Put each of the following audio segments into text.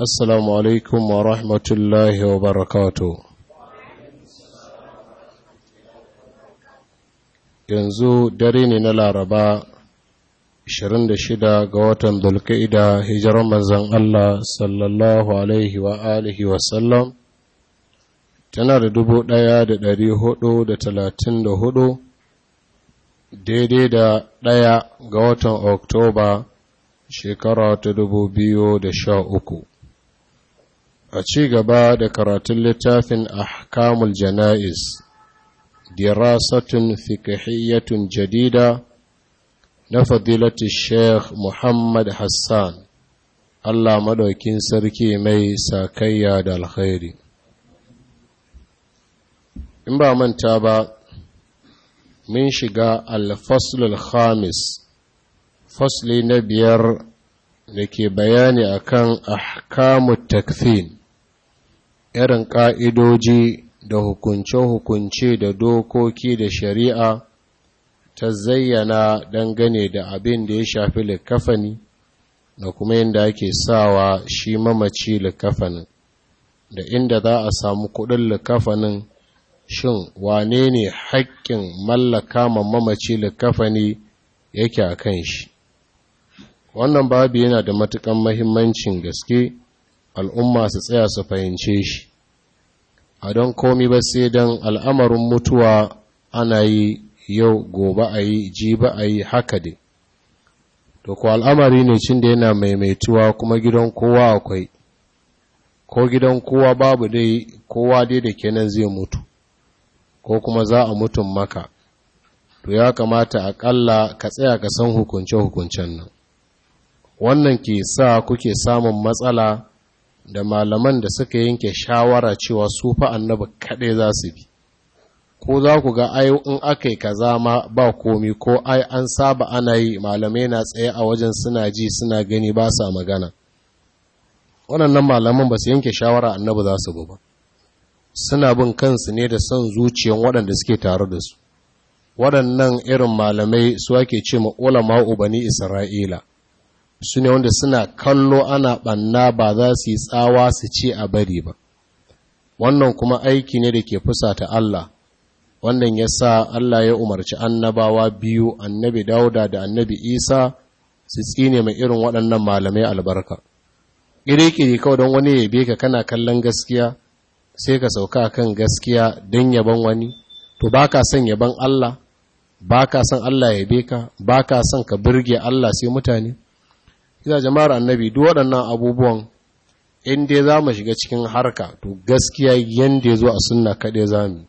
Assalamu alaikum wa rahmatullahi wa barakatu. Yanzu dare ne na Laraba 26 ga watan Dulka'ida hijirar mazan Allah sallallahu alaihi wa wa sallam tana da dubu ɗaya da ɗari hudu da talatin da hudu daidai da ɗaya ga watan Oktoba shekara ta dubu biyu da sha uku. a ci gaba da karatun littafin ahkamul jana'iz dirasatun fiqhiyyatun jadida na fadilati sheikh muhammad hassan allah madaukin sarki mai sakayya da alkhairi in ba manta ba mun shiga alfaslul khamis fasli na biyar da ke bayani akan ahkamut takfin irin ƙa'idoji da hukunce-hukunce da dokoki da shari'a ta zayyana dangane da abin da ya shafi likafani da kuma yadda ake sawa shi mamaci likafanin da inda za a samu kudin likafanin shin wane ne haƙƙin mallaka ma mamaci likafani yake a kan shi wannan babu yana da matuƙan mahimmancin gaske al'umma su tsaya su fahimce shi a don komi ba sai don al'amarin mutuwa ana yi yau gobe a yi ji ba a yi haka dai to ku al'amari ne cin da yana maimaituwa kuma gidan kowa akwai ko gidan kowa babu dai kowa dai da kenan zai mutu ko kuma za a mutum maka to ya kamata aƙalla ka tsaya ka san hukunce-hukuncen nan wannan ke sa kuke samun matsala da malaman da suka yanke shawara cewa su fa annabi kaɗai za su bi ko za ku ga ai in aka yi kaza ma ba komi ko ai an saba ana yi malamai na tsaye a wajen suna ji suna gani ba sa magana waɗannan malaman ba su yanke shawara annabi za su ba suna bin kansu ne da son zuciyan waɗanda suke tare da su waɗannan irin malamai su ake ce ma ulama ubani isra'ila su ne wanda suna kallo ana ɓanna ba za su yi tsawa su ce a bari ba wannan kuma aiki ne da ke fusata Allah wannan ya sa Allah ya umarci annabawa biyu annabi dauda da annabi isa su tsine mai irin waɗannan malamai albarka ƙiriƙiri kawai don wani yabe ka kana kallon gaskiya sai ka sauka kan gaskiya don yaban wani to ba ka son yaban Allah ba ka son Allah yabe ka ba ka son ka birge Allah sai mutane ita jama'ar annabi duk waɗannan abubuwan in dai za mu shiga cikin harka to gaskiya yanda ya zo a sunna kaɗai za mu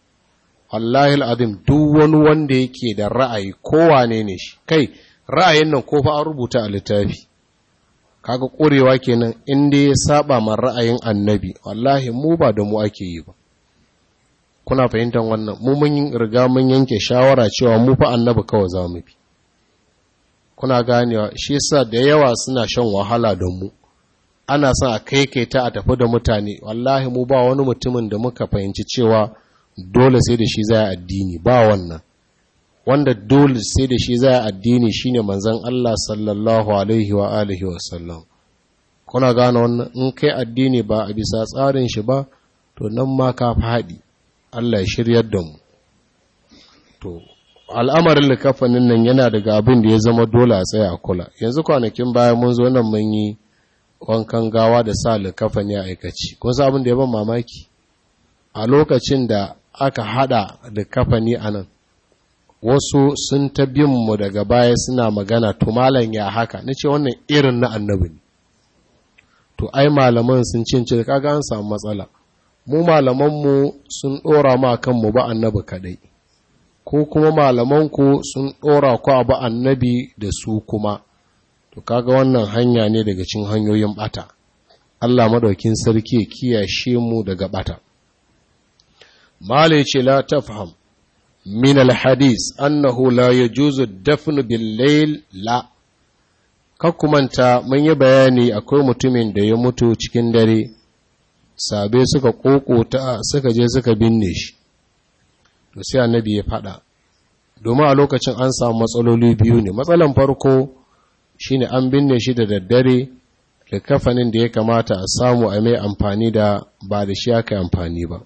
wallahi al'adim duk wani wanda yake da ra'ayi kowane ne shi kai ra'ayin nan ko fa an rubuta a littafi kaga ƙorewa kenan in dai ya saba ma ra'ayin annabi wallahi mu ba da mu ake yi ba kuna fahimtar wannan mu mun riga mun yanke shawara cewa mu fa annabi kawai za mu bi kuna ganewa shi sa da yawa suna shan wahala don mu ana son a kaikaita a tafi da mutane wallahi mu ba wani mutumin da muka fahimci cewa dole sai da shi za addini ba wannan wanda dole sai da shi za addini shine manzon Allah sallallahu alaihi wa alihi wa sallam kuna gane wannan in kai addini ba a bisa tsarin shi ba to nan ma ka fadi Allah ya shiryar da mu to al'amarin likafanin nan yana daga abin da ya zama dole a tsaye a kula yanzu kwanakin bayan mun zo nan mun yi wankan gawa da sa likafani a aikaci kun sa abin da ya ban mamaki a lokacin da aka hada likafani a nan wasu sun ta mu daga baya suna magana to malam ya haka na ce wannan irin na annabi ne to ai malaman sun cince kaga an samu matsala mu malaman mu sun dora mu akan ba annabi kadai ko kuma malamanku sun ɗora ku abu annabi da su kuma to kaga wannan hanya ne daga cin hanyoyin ɓata Allah madaukin sarki ya kiyashe mu daga bata mala ce la tafham min alhadis annahu la yajuzu dafn bil layl la kakkumanta mun yi bayani akwai mutumin da ya mutu cikin dare sabe suka kokota suka je suka binne shi da sai annabi ya faɗa domin a lokacin an samu matsaloli biyu ne matsalan farko shine an binne shi da daddare da kafanin da ya kamata a samu a mai amfani da ba da shi aka amfani ba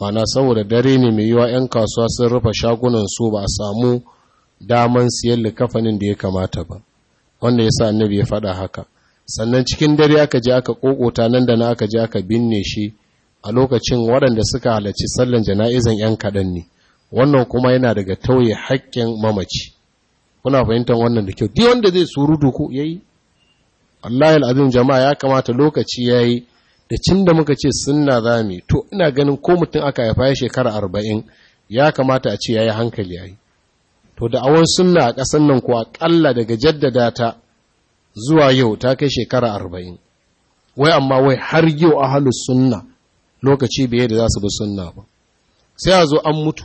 mana saboda dare ne mai yiwa 'yan kasuwa sun rufe shagunan su ba a samu daman siyan likafanin da ya kamata ba wanda ya sa annabi ya faɗa haka sannan cikin dare aka je aka kokota nan da na aka je aka binne shi a lokacin waɗanda suka halarci sallan jana'izan 'yan kaɗan ne wannan kuma yana daga tauye haƙƙin mamaci kuna fahimtar wannan da kyau duk wanda zai surutu ya yayi wallahi alazim jama'a ya kamata lokaci ya yi da cin da muka ce sunna zami to ina ganin ko mutum aka haifa ya shekara arba'in ya kamata a ce ya yi hankali ya yi. to da awon sunna a ƙasar nan ko aƙalla daga jaddada ta zuwa yau ta kai shekara arba'in wai amma wai har yau ahalus sunna lokaci biye da za su bi sunna ba sai a zo an mutu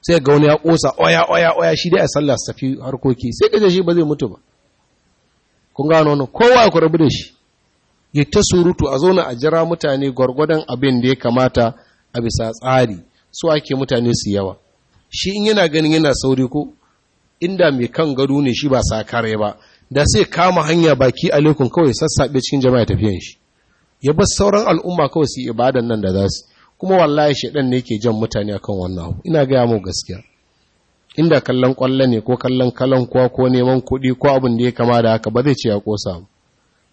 sai ga wani ya kosa oya oya oya shi dai a sallah su tafi harkoki sai kaje shi ba zai mutu ba kun gano wani kowa ku rabu da shi ya ta surutu a zauna a jira mutane gwargwadon abin da ya kamata a bisa tsari su ake mutane su yawa shi in yana ganin yana sauri ko inda mai kan gado ne shi ba sa kare ba da sai kama hanya baki alaikun kawai sassaɓe cikin jama'a tafiyan shi ya bar sauran al'umma kawai su ibadan nan da za su kuma wallahi shaidan ne ke jan mutane akan wannan abu ina gaya mu gaskiya inda kallon kwallo ne ko kallon kalan kuwa ko neman kuɗi ko abin da ya kama da haka ba zai ce ya kosa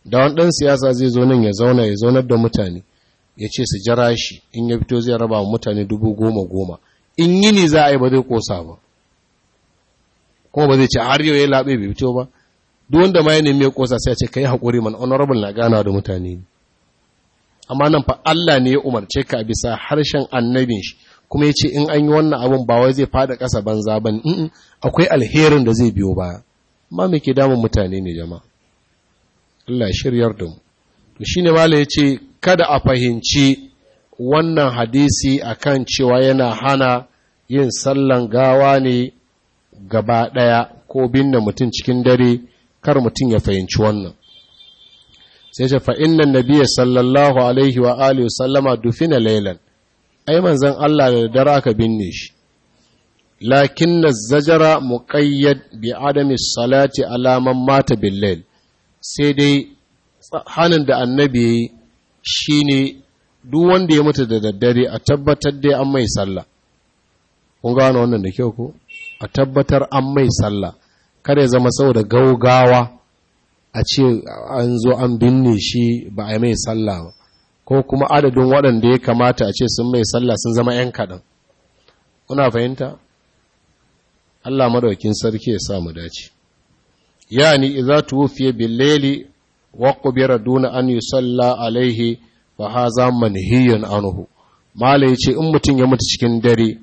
da wani ɗan siyasa zai zo nan ya zauna ya zaunar da mutane ya ce su jira shi in ya fito zai raba wa mutane dubu goma goma in yi yini za a yi ba zai kosa ba kuma ba zai ce har yau ya labe bai fito ba duk wanda ma ya nemi ya kosa sai a ce ka yi haƙuri man honorable na gana da mutane ne amma nan fa Allah ne ya umarce ka bisa harshen annabin shi kuma ya ce in an yi wannan abin ba wai zai fada ƙasa banza ba ne akwai alherin da zai biyo ba ma me ke damun mutane ne jama'a Allah shiryar da mu to shine malai yace kada a fahimci wannan hadisi akan cewa yana hana yin sallan gawa ne gaba ɗaya ko binne mutum cikin dare kar mutum ya fahimci wannan sai ce fa'innan nabiya sallallahu alaihi wa alihi sallama dufina lailan ai manzan Allah da dare aka binne shi lakin na zajara muƙayyad bi adami salati alaman mata billail sai dai hannun da annabi ya yi shi ne duk wanda ya mutu da daddare a tabbatar dai an mai sallah kun gano wannan da kyau ko a tabbatar an mai sallah kada ya zama saboda gaugawa a ce an zo an binne shi ba a mai sallah ko kuma adadin waɗanda ya kamata a ce sun mai sallah sun zama 'yan kaɗan kuna fahimta Allah madaukin sarki ya sa mu dace yani idza tuwfiya billeli waƙo biyar qubira duna an yusalla alaihi Hiyan, Anuhu. manhiyun anhu ya yace in mutum ya mutu cikin dare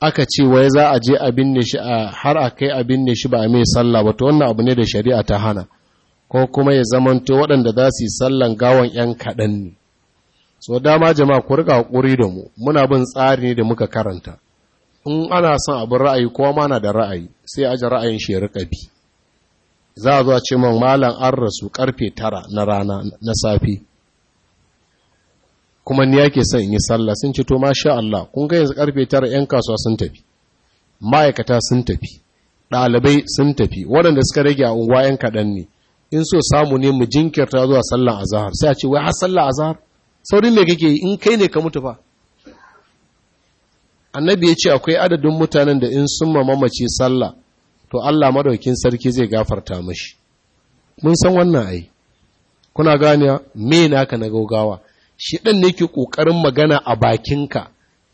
aka ce wai za a je a binne shi har a kai a binne shi ba a mai sallah ba to wannan abu ne da shari'a ta hana ko kuma ya zamanto waɗanda za su yi sallan gawan ‘yan kaɗan ne. So dama jama'a ku riƙa haƙuri da mu, muna bin tsari ne da muka karanta. In ana son abin ra'ayi ko mana da ra'ayi, sai aje ra'ayin shi ya bi. Za a zo a ce man malam an rasu ƙarfe tara na rana na safe. Kuma ni yake son in yi sallah sun ce to masha Allah kun ga yanzu tara ‘yan kasuwa sun tafi, ma'aikata sun tafi, ɗalibai sun tafi, waɗanda suka rage a unguwa ‘yan kaɗan ne. in so samu ne mu jinkirta zuwa sallar azahar sai a ce wai har sallar azahar saurin me kake in kai ne ka mutu ba annabi ya ce akwai adadin mutanen da in sun mamaci sallah to Allah madaukin sarki zai gafarta mashi mun san wannan ai kuna gane me naka na gogawa. shi dan ne ke kokarin magana a bakinka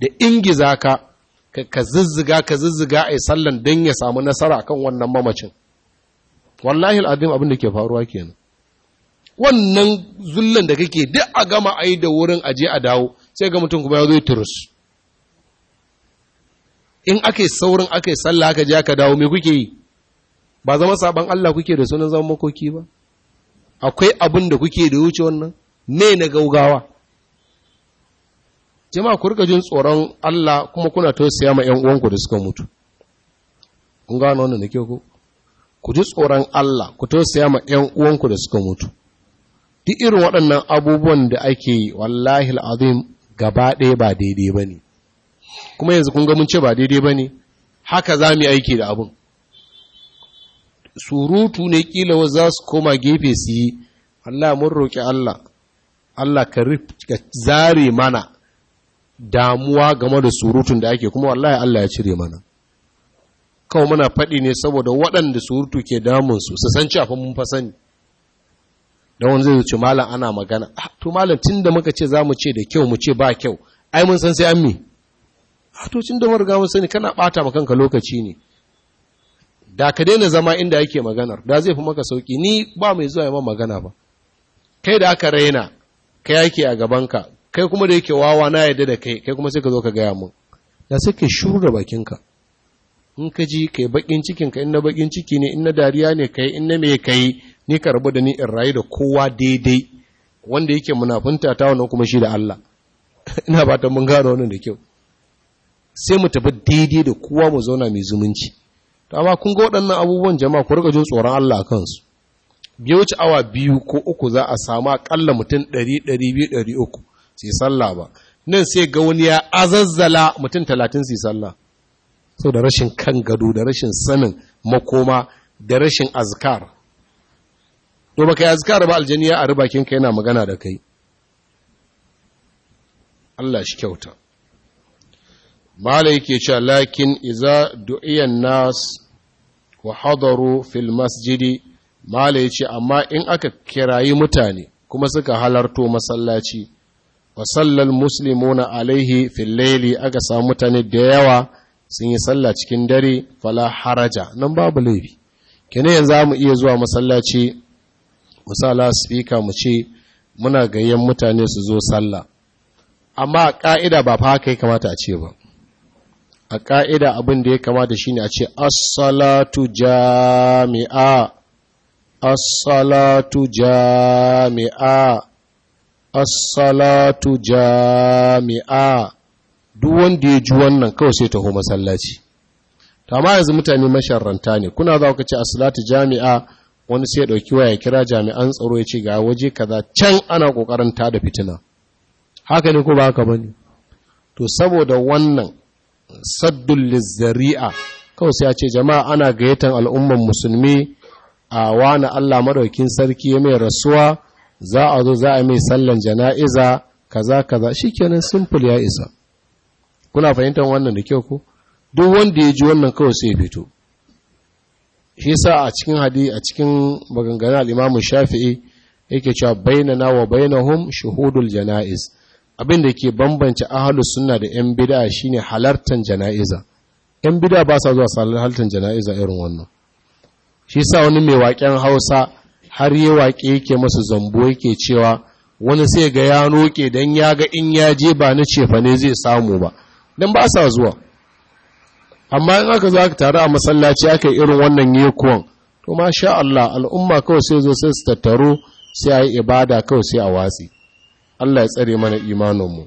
da ingiza ka ka zuzzuga ka zuzzuga ai sallan dan ya samu nasara akan wannan mamacin wallahi al'adim abin da ke faruwa kenan wannan zullan da kake duk a gama a yi da wurin aje a dawo sai ga mutum kuma ya zo turus in aka yi saurin aka yi sallah aka je aka dawo me kuke yi ba zama saban Allah kuke da sunan zaman makoki ba akwai abin da kuke da wuce wannan me na gaugawa jama'a ku rika jin tsoron Allah kuma kuna tausaya ma ƴan uwanku da suka mutu kun gano wannan da kyau ko ku ji tsoron Allah ku tausaya ma ‘yan uwanku da suka mutu duk irin waɗannan abubuwan da ake yi wallahi al'azim gaba ɗaya ba daidai ba kuma yanzu kun ga mun ce ba daidai ba haka za mu aiki da abun. surutu ne kila za su koma gefe su yi Allah mun roƙi Allah Allah ka zare mana damuwa game da surutun da ake kuma wallahi Allah ya cire mana kawai muna faɗi ne saboda waɗanda surutu ke damunsu su san cewa mun fa sani da wani zai zuci malam ana magana ah, to malam tun da muka ce za mu ce da kyau mu ce ba kyau ai mun san sai an mi a ah, to tun da mun riga mun sani kana ɓata ma kanka lokaci ne da ka daina zama inda yake maganar da zai fi maka sauki ni ba mai zuwa yi magana ba kai da aka raina kai yake a gabanka kai kuma da yake wawa na yadda da kai kai kuma sai ka zo ka gaya mun da sai ka shuru da bakinka in ka ji kai bakin cikin ka in na bakin ciki ne in na dariya ne kai in na me kai ni ka rabu da ni in rayu da kowa daidai wanda yake munafunta ta wannan kuma shi da Allah ina ba ta mun gano wannan da kyau sai mu tafi daidai da kowa mu zauna mai zumunci to amma kun ga waɗannan abubuwan jama'a ku rika jin tsoron Allah a kansu bai wuce awa biyu ko uku za a samu akalla mutum ɗari ɗari biyu sai sallah ba nan sai ga wani ya azazzala mutum talatin sai sallah sau da rashin kan gado da rashin sanin makoma da rashin azkar to baka yi azkar ba aljaniya a ari ka yana magana da kai Allah shi kyauta mala yake cewa lakin iza du'iyan nas wa hadaru fil masjidi malai ce amma in aka kirayi mutane kuma suka halarto masallaci wa sallal muslimuna alaihi fil laili aka samu mutane da yawa sun yi sallah cikin dare fala haraja nan babu laifi kene yanzu mu iya zuwa masallaci mu sa mu ce muna gayyan mutane su zo sallah amma ka'ida ba fa haka ya kamata a ce ba a ka'ida abin da ya kamata shine a ce as jami'a as jami'a as jami'a duk wanda ya ji wannan kawai sai taho masallaci to amma yanzu mutane masharranta ne kuna za ku ce a salatu jami'a wani sai dauki waya kira jami'an tsaro ya ce ga waje kaza can ana kokarin ta da fitina haka ne ko ba haka bane to saboda wannan saddul lizzari'a kawai sai ya ce jama'a ana gayyatan al'umman musulmi a wani Allah madaukin sarki ya mai rasuwa za a zo za a mai sallan jana'iza kaza kaza shikenan simple ya isa kuna fahimtar wannan da kyau ko duk wanda ya ji wannan kawai sai fito shi sa a cikin hadi a cikin maganganu al Shafi'i yake cewa bainana wa bainahum shuhudul janaiz abinda da ke bambance ahlus sunna da yan bid'a shine halartan janaiza yan bid'a ba sa zuwa halartan janaiza irin wannan shi sa wani mai waƙen Hausa har yi waƙe yake masu zambo yake cewa wani sai ga ya noke dan ya ga in ya je ba na cefa ne zai samu ba don ba sa zuwa amma in aka za ka taru a masallaci aka yi irin wannan yekuwan to ma sha Allah al'umma kawai sai zo sai su tattaro sai a yi ibada kawai sai a watsi Allah ya tsare mana imaninmu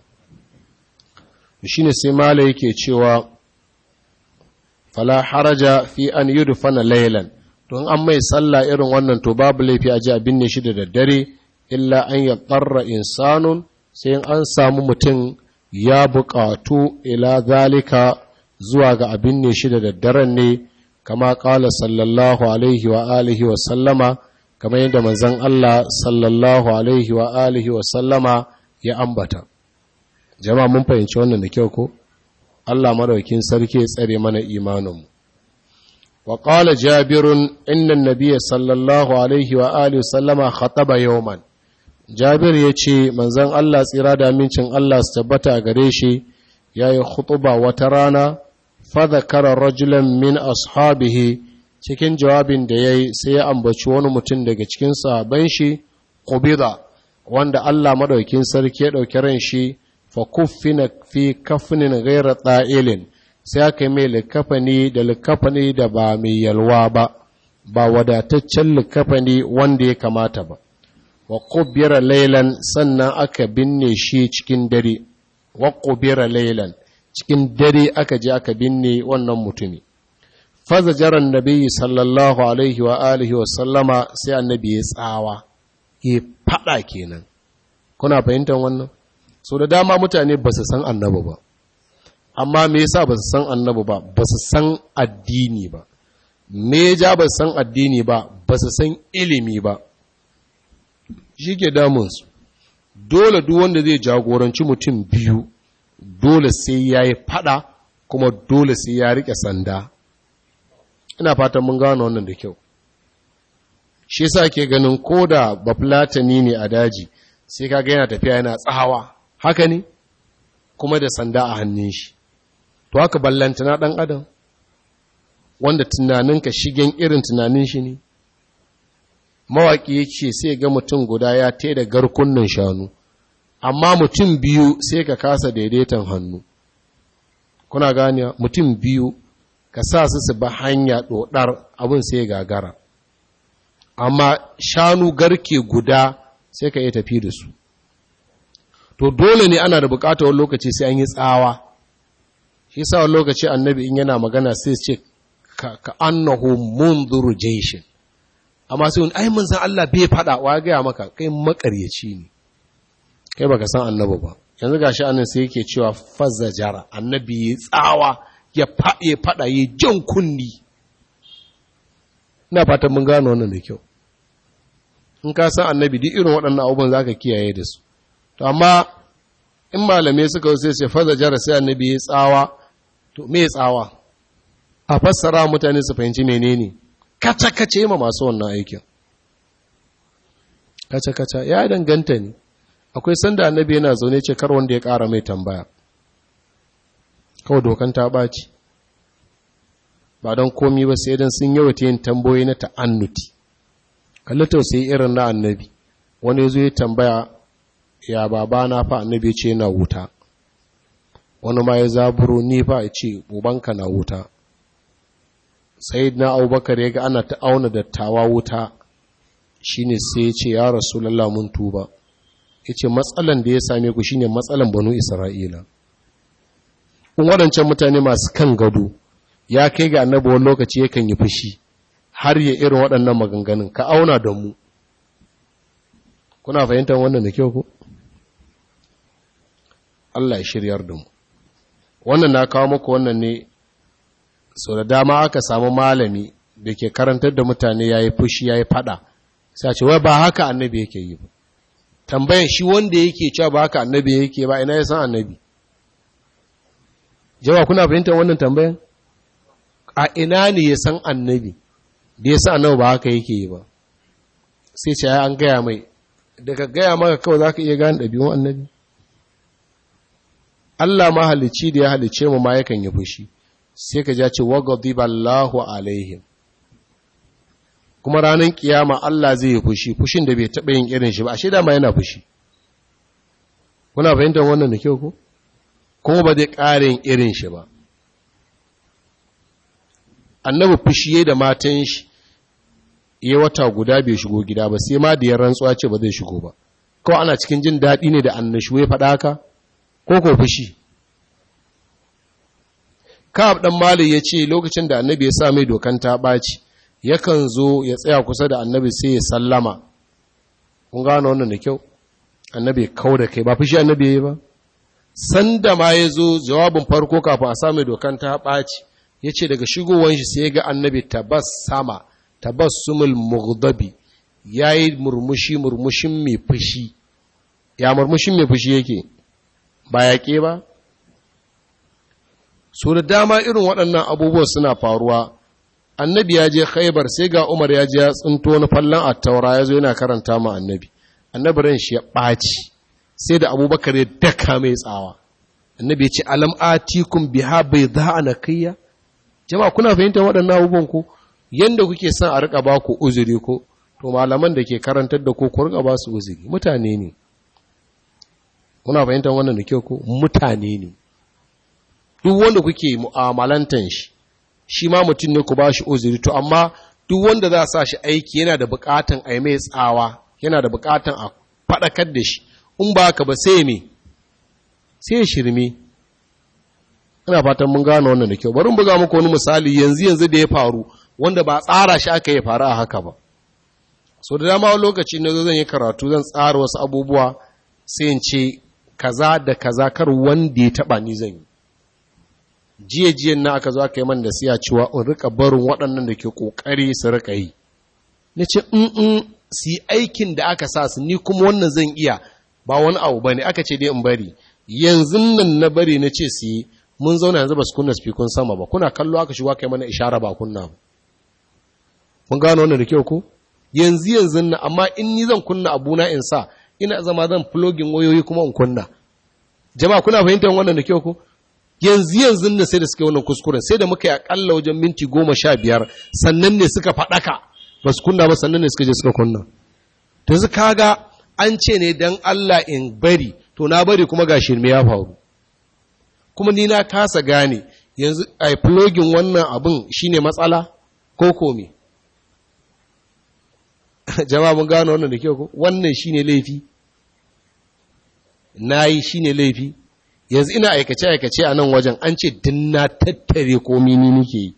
shi ne sai mala yake cewa fala haraja fi an yi na laylan don an mai sallah irin wannan to babu laifi a ji a binne shi da daddare illa an ya tsarra insanun sai an samu mutum ya buƙatu ila zalika zuwa ga abin ne shi da daddaren ne kama ƙala sallallahu alaihi wa alihi wa sallama kamar yadda manzan Allah sallallahu alaihi wa alihi wa sallama ya ambata jama'a mun fahimci wannan da kyau ko Allah madaukin sarki ya tsare mana imaninmu wa ƙala jabirun inna nabiyya sallallahu alaihi wa alihi wa sallama khataba yawman jabir ya ce manzan allah tsira da amincin allah su tabbata a gare shi ya yi hutuba wata rana fadakara rajulan min ashabihi cikin jawabin da ya yi sai ya ambaci wani mutum daga cikin sahaban shi kubida wanda allah maɗaukin sarki ya ɗauki ran shi fa kuffina fi kafinin gaira tsa'ilin sai aka yi mai likafani da likafani da ba mai yalwa ba ba wadataccen likafani wanda ya kamata ba wa kubira lailan sannan aka binne shi cikin dare wa kubira lailan cikin dare aka je aka binne wannan mutumi fazajaran nabi sallallahu alaihi wa alihi wa sallama sai annabi ya tsawa ya fada kenan kuna fahimtar wannan so da dama mutane ba su san annabi ba amma me yasa ba su san annabi ba ba su san addini ba me ja ba su san addini ba ba su san ilimi ba shi ke damunsu dole duk wanda zai jagoranci mutum biyu dole sai ya yi fada kuma dole sai ya riƙe sanda ina fatan mun gano wannan da kyau shi sa ke ganin ko da bafulatani ne a daji sai ka yana tafiya yana tsawa haka ne kuma da sanda a hannun shi to haka ballantana dan adam wanda tunaninka shigen irin tunanin shi ne mawaƙi ya ce sai ga mutum guda ya te da garkunnan shanu amma mutum biyu sai ka kasa daidaitan hannu kuna gani mutum biyu ka sa su su ba hanya ɗoɗar abin sai gagara amma shanu garke guda sai ka yi tafi da su to dole ne ana da bukatar wani lokaci sai an yi tsawa shi sa wani lokaci annabi in yana magana sai ce ka annahu munzuru jayshin amma sai wani ai manzan Allah bai faɗa wa gaya maka kai makaryaci ne kai baka san annabi ba yanzu gashi annabi sai yake cewa jara, annabi ya tsawa ya faɗa ya jan kunni ina fatan mun gano wannan da kyau in ka san annabi duk irin waɗannan abubuwan zaka kiyaye da su to amma in malamai suka sai sai faza jara sai annabi ya tsawa to me tsawa a fassara mutane su fahimci menene kace-kace ma masu wannan aikin kace-kace ya danganta ne akwai sanda annabi yana zaune ce kar wanda ya ƙara mai tambaya kawai dokan ta ɓaci ba don komi ba sai don sun yawata yin tambayoyi na ta'annuti kalli tausayi irin na annabi wani ya zo ya tambaya ya baba na fa annabi ce na wuta wani ma ya zaburo ni fa ya ce ubanka na wuta Sai na abubakar ya ga ana ta auna dattawa wuta shine sai ya ce ya rasulullah mun tuba yace matsalan da ya same ku shine matsalan banu isra'ila in waɗancan mutane masu kan gado ya kai ga annabi wani lokaci yakan yi fushi har ya irin waɗannan maganganun ka auna da mu kuna fahimtar wannan da kyau ku Allah ya shiryar da mu wannan na kawo muku wannan ne so da dama aka samu malami da ke karantar da mutane ya yi fushi ya yi fada sai ce wai ba haka annabi yake yi ba tambayan shi wanda yake cewa ba haka annabi yake ba ina ya san annabi jawa kuna fahimtar wannan tambayan a ina ne ya san annabi da ya san annabi ba haka yake yi ba sai ce an gaya mai daga gaya maka kawai za ka iya gane ɗabi'un annabi Allah ma halicci da ya halicce mu ma yakan yi fushi sai ka ja ce wagadiballahu alaihim kuma ranar kiyama Allah zai yi fushi fushin da bai taɓa yin irin shi ba ashe dama yana fushi kuna fahimtar wannan da kyau ko kuma ba zai ƙara yin irin shi ba annabi fushiye da matan shi ya wata guda bai shigo gida ba sai ma da ya rantsuwa ce ba zai shigo ba kawai ana cikin jin daɗi ne da annashuwa ya faɗa ko ko fushi Ka'ab ɗan Malik ya ce lokacin da annabi ya sa mai dokan ta ɓaci, yakan zo ya tsaya kusa da annabi sai ya sallama. Kun gano wannan da kyau? Annabi kawo da kai, ba fushi annabi ya yi ba? Sanda ma ya zo jawabin farko kafin a sa mai dokan ta ɓaci, ya ce daga shigowar shi sai ga annabi tabas sama, tabas sumul mughdabi, ya yi murmushi murmushin mai fushi. Ya murmushin mai fushi yake, ba yaƙe ba? Su da dama irin waɗannan abubuwan suna faruwa annabi ya je khaibar sai ga umar ya je ya tsinto wani fallon taura ya zo yana karanta ma annabi annabi ran shi ya ɓaci sai da abubakar ya daka mai tsawa annabi ya ce alam atikum biha bai za a kaiya. jama'a kuna fahimtar waɗannan abubuwan ku yadda kuke son a riƙa ba ku uzuri ko to malaman da ke karantar da ku ku riƙa ba su uzuri mutane ne kuna fahimtar wannan da kyau ko mutane ne duk wanda kuke mu'amalantan shi shi ma mutum ne ku ba shi uzuri to amma duk wanda za a sa shi aiki yana da bukatan a yi mai tsawa yana da bukatan a faɗakar da shi in ba ka ba sai me sai shirme ina fatan mun gano wannan da kyau bari mu buga muku wani misali yanzu yanzu da ya faru wanda ba tsara shi aka yi faru a haka ba so da dama lokaci na zan yi karatu zan tsara wasu abubuwa sai in ce kaza da kaza kar wanda ya taba ni zan yi jiye jiyan na aka zo aka yi man da siya cewa in rika barin waɗannan da ke ƙoƙari su rika yi na ce in mm, mm, su yi aikin da aka sa su ni kuma wannan zan iya ba wani abu ba ne aka ce dai in bari yanzu nan na bari na ce su yi mun zauna yanzu ba su kunna spikun sama ba kuna kallo aka shiga aka yi mana ishara ba kunna ba mun gano wannan da kyau ko yanzu yanzu na amma in ni zan kunna abuna in sa ina zama zan plugin wayoyi kuma in kunna jama'a kuna fahimtar wannan da kyau ko yanzu yanzu ne sai da suka yi wannan kuskuren sai da muka yi akalla wajen minti goma sha biyar sannan ne suka faɗaka ba su kunna ba sannan ne suka je suka kunna to su kaga an ce ne dan Allah in bari to na bari kuma ga shirme ya faru kuma ni na kasa gane yanzu a plugin wannan abin shine matsala ko komi jama'a mun gano wannan da kyau ko wannan shine laifi nayi shine laifi yanzu ina aikace-aikace a nan wajen an ce dinna tattare ko ni nike yi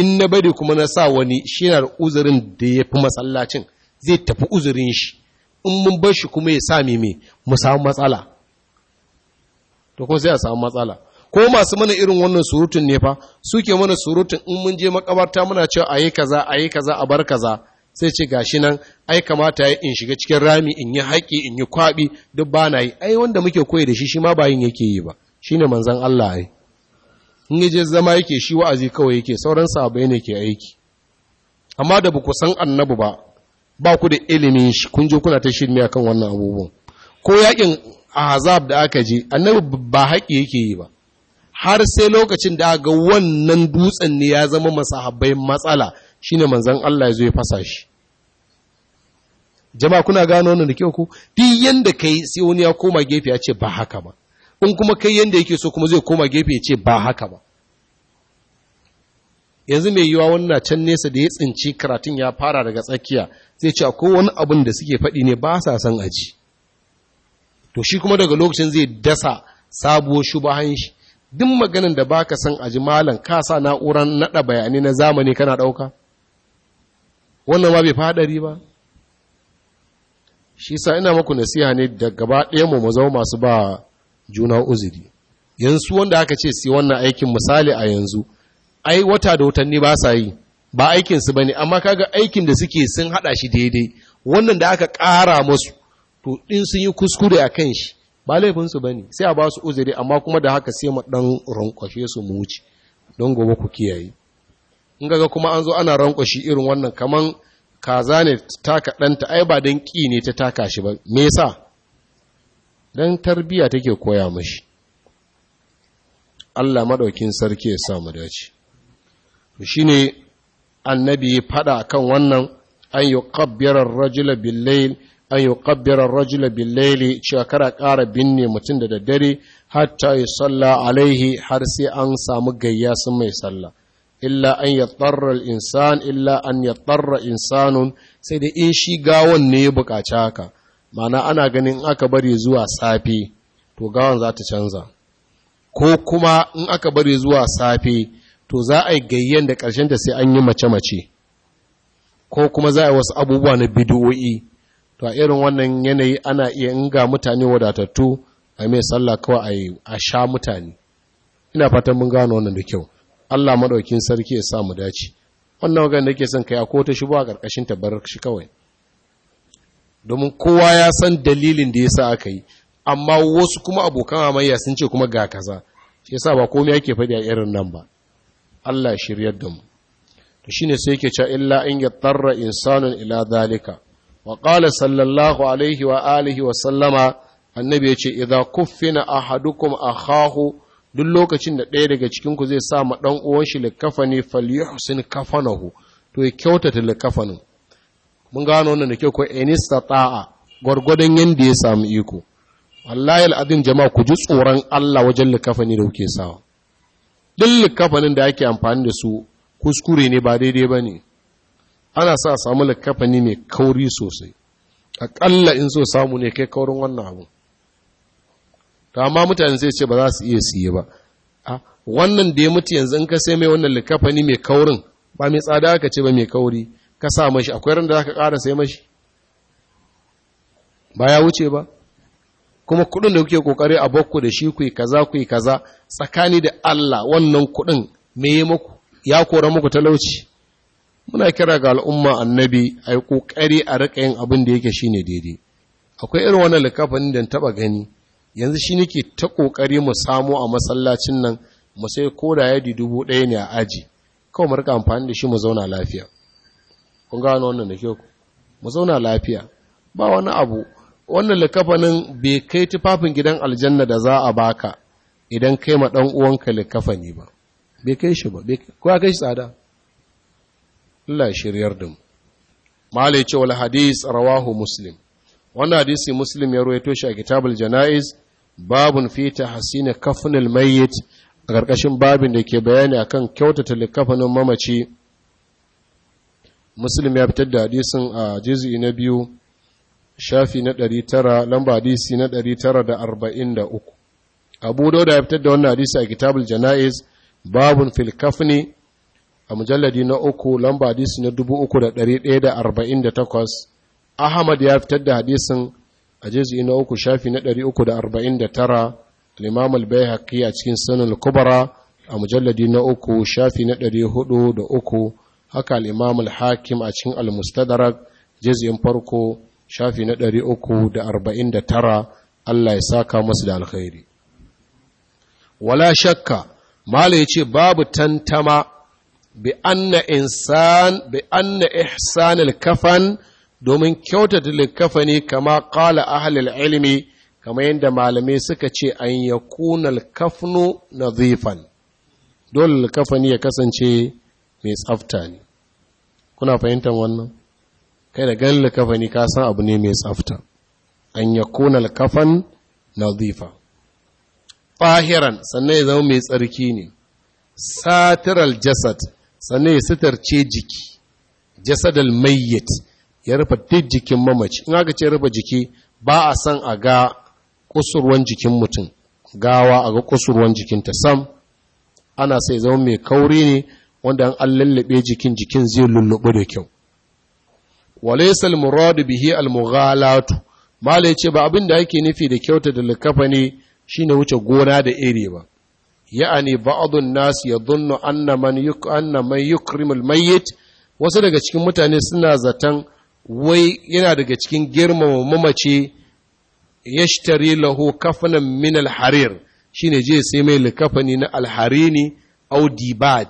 in na bari kuma na sa wani shi na uzurin da ya fi matsalacin zai tafi uzurin shi in mun bar shi kuma ya sa mime mu samu matsala to kuma sai a samu matsala ko masu mana irin wannan surutun ne fa suke mana surutun in mun je makabarta muna cewa ayi kaza ayi kaza a bar kaza sai ce gashi nan ai kamata ya in shiga cikin rami in yi haƙi in yi kwaɓi duk ba na yi ai wanda muke koyi da shi shi ma bayin yake yi ba Shi ne manzan Allah ai in yaje zama yake shi wa'azi kawai yake sauran sahabbai ne ke aiki amma da ba ku san annabi ba ba ku da ilimin shi kun je kuna ta shirme akan wannan abubuwan ko yakin azab da aka je annabi ba haƙi yake yi ba har sai lokacin da ga wannan dutsen ne ya zama masahabbai matsala Shi ne manzan Allah ya zo ya fasa shi jama'a kuna gano wannan da kyau ku duk yanda kai sai wani ya koma gefe ya ce ba haka ba in kuma kai yanda yake so kuma zai koma gefe ya ce ba haka ba yanzu mai yiwa wannan can nesa da ya tsinci karatun ya fara daga tsakiya zai ce akwai wani abin da suke faɗi ne ba sa son aji to shi kuma daga lokacin zai dasa sabuwar shubahan shi duk maganin da baka san aji malam ka sa na'urar naɗa bayanai na zamani kana ɗauka wannan ma bai fadari ba shi sa ina maku nasiha ne da gaba ɗaya mu zama masu ba juna uzuri yanzu wanda aka ce su wannan aikin misali a yanzu ai wata da watanni ba sa yi ba aikin su bane amma kaga aikin da suke sun haɗa shi daidai wannan da aka ƙara musu to din sun yi kuskure a kan shi ba laifinsu su bane sai a ba su uzuri amma kuma da haka sai mu ɗan rankwashe su mu wuce don gobe ku kiyaye in ga kuma an zo ana rankwashi irin wannan kaman kaza ne taka ɗanta ai ba don ƙi ne ta taka shi ba me yasa don tarbiya take koya mashi Allah maɗaukin sarki ya samu dace shi ne annabi faɗa kan wannan an yi ƙabbiyar rajula billail an yi ƙabbirar rajula cewa kara ƙara binne mutum da daddare hatta yi sallah alaihi har sai an samu gayya sun mai sallah illa an yattara insan illa an yattara insanun sai da in shi gawon ne ya bukaci haka mana ana ganin aka bari zuwa safe to gawan za ta canza ko kuma in aka bari zuwa safe to za a yi gayyen da ƙarshen da sai an yi mace-mace ko kuma za a yi wasu abubuwa na bidiyo'i to a irin wannan yanayi ana iya ga mutane wadatattu a mai sallah kawai a sha mutane ina fatan mun gano wannan da kyau Allah maɗaukin sarki ya sa mu dace wannan wagan da ke son kai ko ta a karkashin ta bar shi kawai domin kowa ya san dalilin da ya sa aka yi amma wasu kuma abokan amayya sun ce kuma ga kaza shi yasa ba komai yake faɗi a irin nan ba Allah ya shiryar da mu to shine sai yake ca illa in yatarra insanin ila zalika wa qala sallallahu alaihi wa alihi wa sallama annabi yace idza kuffina ahadukum akhahu duk lokacin da ɗaya daga cikinku zai sa ma ɗan uwan shi likafani falyuhsin kafanahu to ya kyautata likafanin mun gano wannan da kyau ko ta'a gwargwadon yadda ya samu iko wallahi al'adun jama'a ku ji tsoron Allah wajen likafani da kuke sawa duk likafanin da ake amfani da su kuskure ne ba daidai ba ne. ana sa samu likafani mai kauri sosai aƙalla in so samu ne kai kaurin wannan abu to amma mutane zai ce ba za su iya siye ba a wannan da ya mutu yanzu in ka sai mai wannan likafani mai kaurin ba mai tsada aka ce ba mai kauri ka sa mashi akwai ran da za ka ƙara sai mashi ba ya wuce ba kuma kuɗin da kuke ƙoƙari a bakku da shi ku kaza ku kaza tsakani da Allah wannan kuɗin me yi muku ya kora muku talauci muna kira ga al'umma annabi a yi ƙoƙari a riƙa yin abin da yake shine daidai akwai irin wannan likafanin da taɓa gani yanzu shi nake ta ƙoƙari mu samo a masallacin nan mu sai koda ya di dubu ɗaya ne a aji kawai mu amfani da shi mu zauna lafiya kun gano wannan da ke ku mu zauna lafiya ba wani abu wannan likafanin bai kai tufafin gidan aljanna da za a baka idan kai ma ɗan uwanka likafani ba bai kai shi ba ko ya kai shi tsada Allah shiryar da mu malai ce wal hadis rawahu muslim wannan hadisi muslim ya ruwaito shi a kitabul janaiz babun fi hasina kafnil mayyit a ƙarƙashin babin da ke bayani akan kyautata likafanin mamaci muslim ya fitar da hadisin a juz'i na biyu shafi na ɗari tara lamba hadisi na ɗari tara da arba'in da uku abu dauda ya fitar da wannan hadisi a kitabul jana'iz babun fil kafni a mujalladi na uku lamba hadisi na dubu uku da ɗari ɗaya da arba'in da takwas ahmad ya fitar da hadisin a juz'i na uku shafi na 349 al-imam al-baihaqi a cikin sanin al a mujalladi na uku shafi na 403 haka al-imam al-hakim a cikin al-mustadrak juz'in farko shafi na 349 Allah ya saka masu da alkhairi wala shakka mala yace babu tantama bi anna ihsanin kafan domin kyautata likafani kama ƙala ahalil ilimi, kama yadda malamai suka ce an yakuna al-kafnu zifan dole likafani ya kasance mai tsafta ne kuna fahimtar wannan kai da ganin likafani ka san abu ne mai tsafta an yakuna kafan nadhifa fahiran sannan ya zama mai tsarki ne satiral jasad sannan ya sitarce jiki jasadal mayyit ya rufe duk jikin mamaci in aka ce rufe jiki ba a san a ga kusurwan jikin mutum gawa a ga kusurwan jikinta sam ana sai zama mai kauri ne wanda an lallabe jikin jikin zai lullubu da kyau walaisal muradu bihi almughalatu mala yace ba abin da ake nufi da kyauta da likafa ne shine wuce gona da iri ba ya'ani ba'dun nas yadhunnu anna man yuk anna yukrimul mayyit wasu daga cikin mutane suna zaton wai yana daga cikin girmama mamace yashtari laho kafanan min shi ne je sai mai likafani na alharini audi baj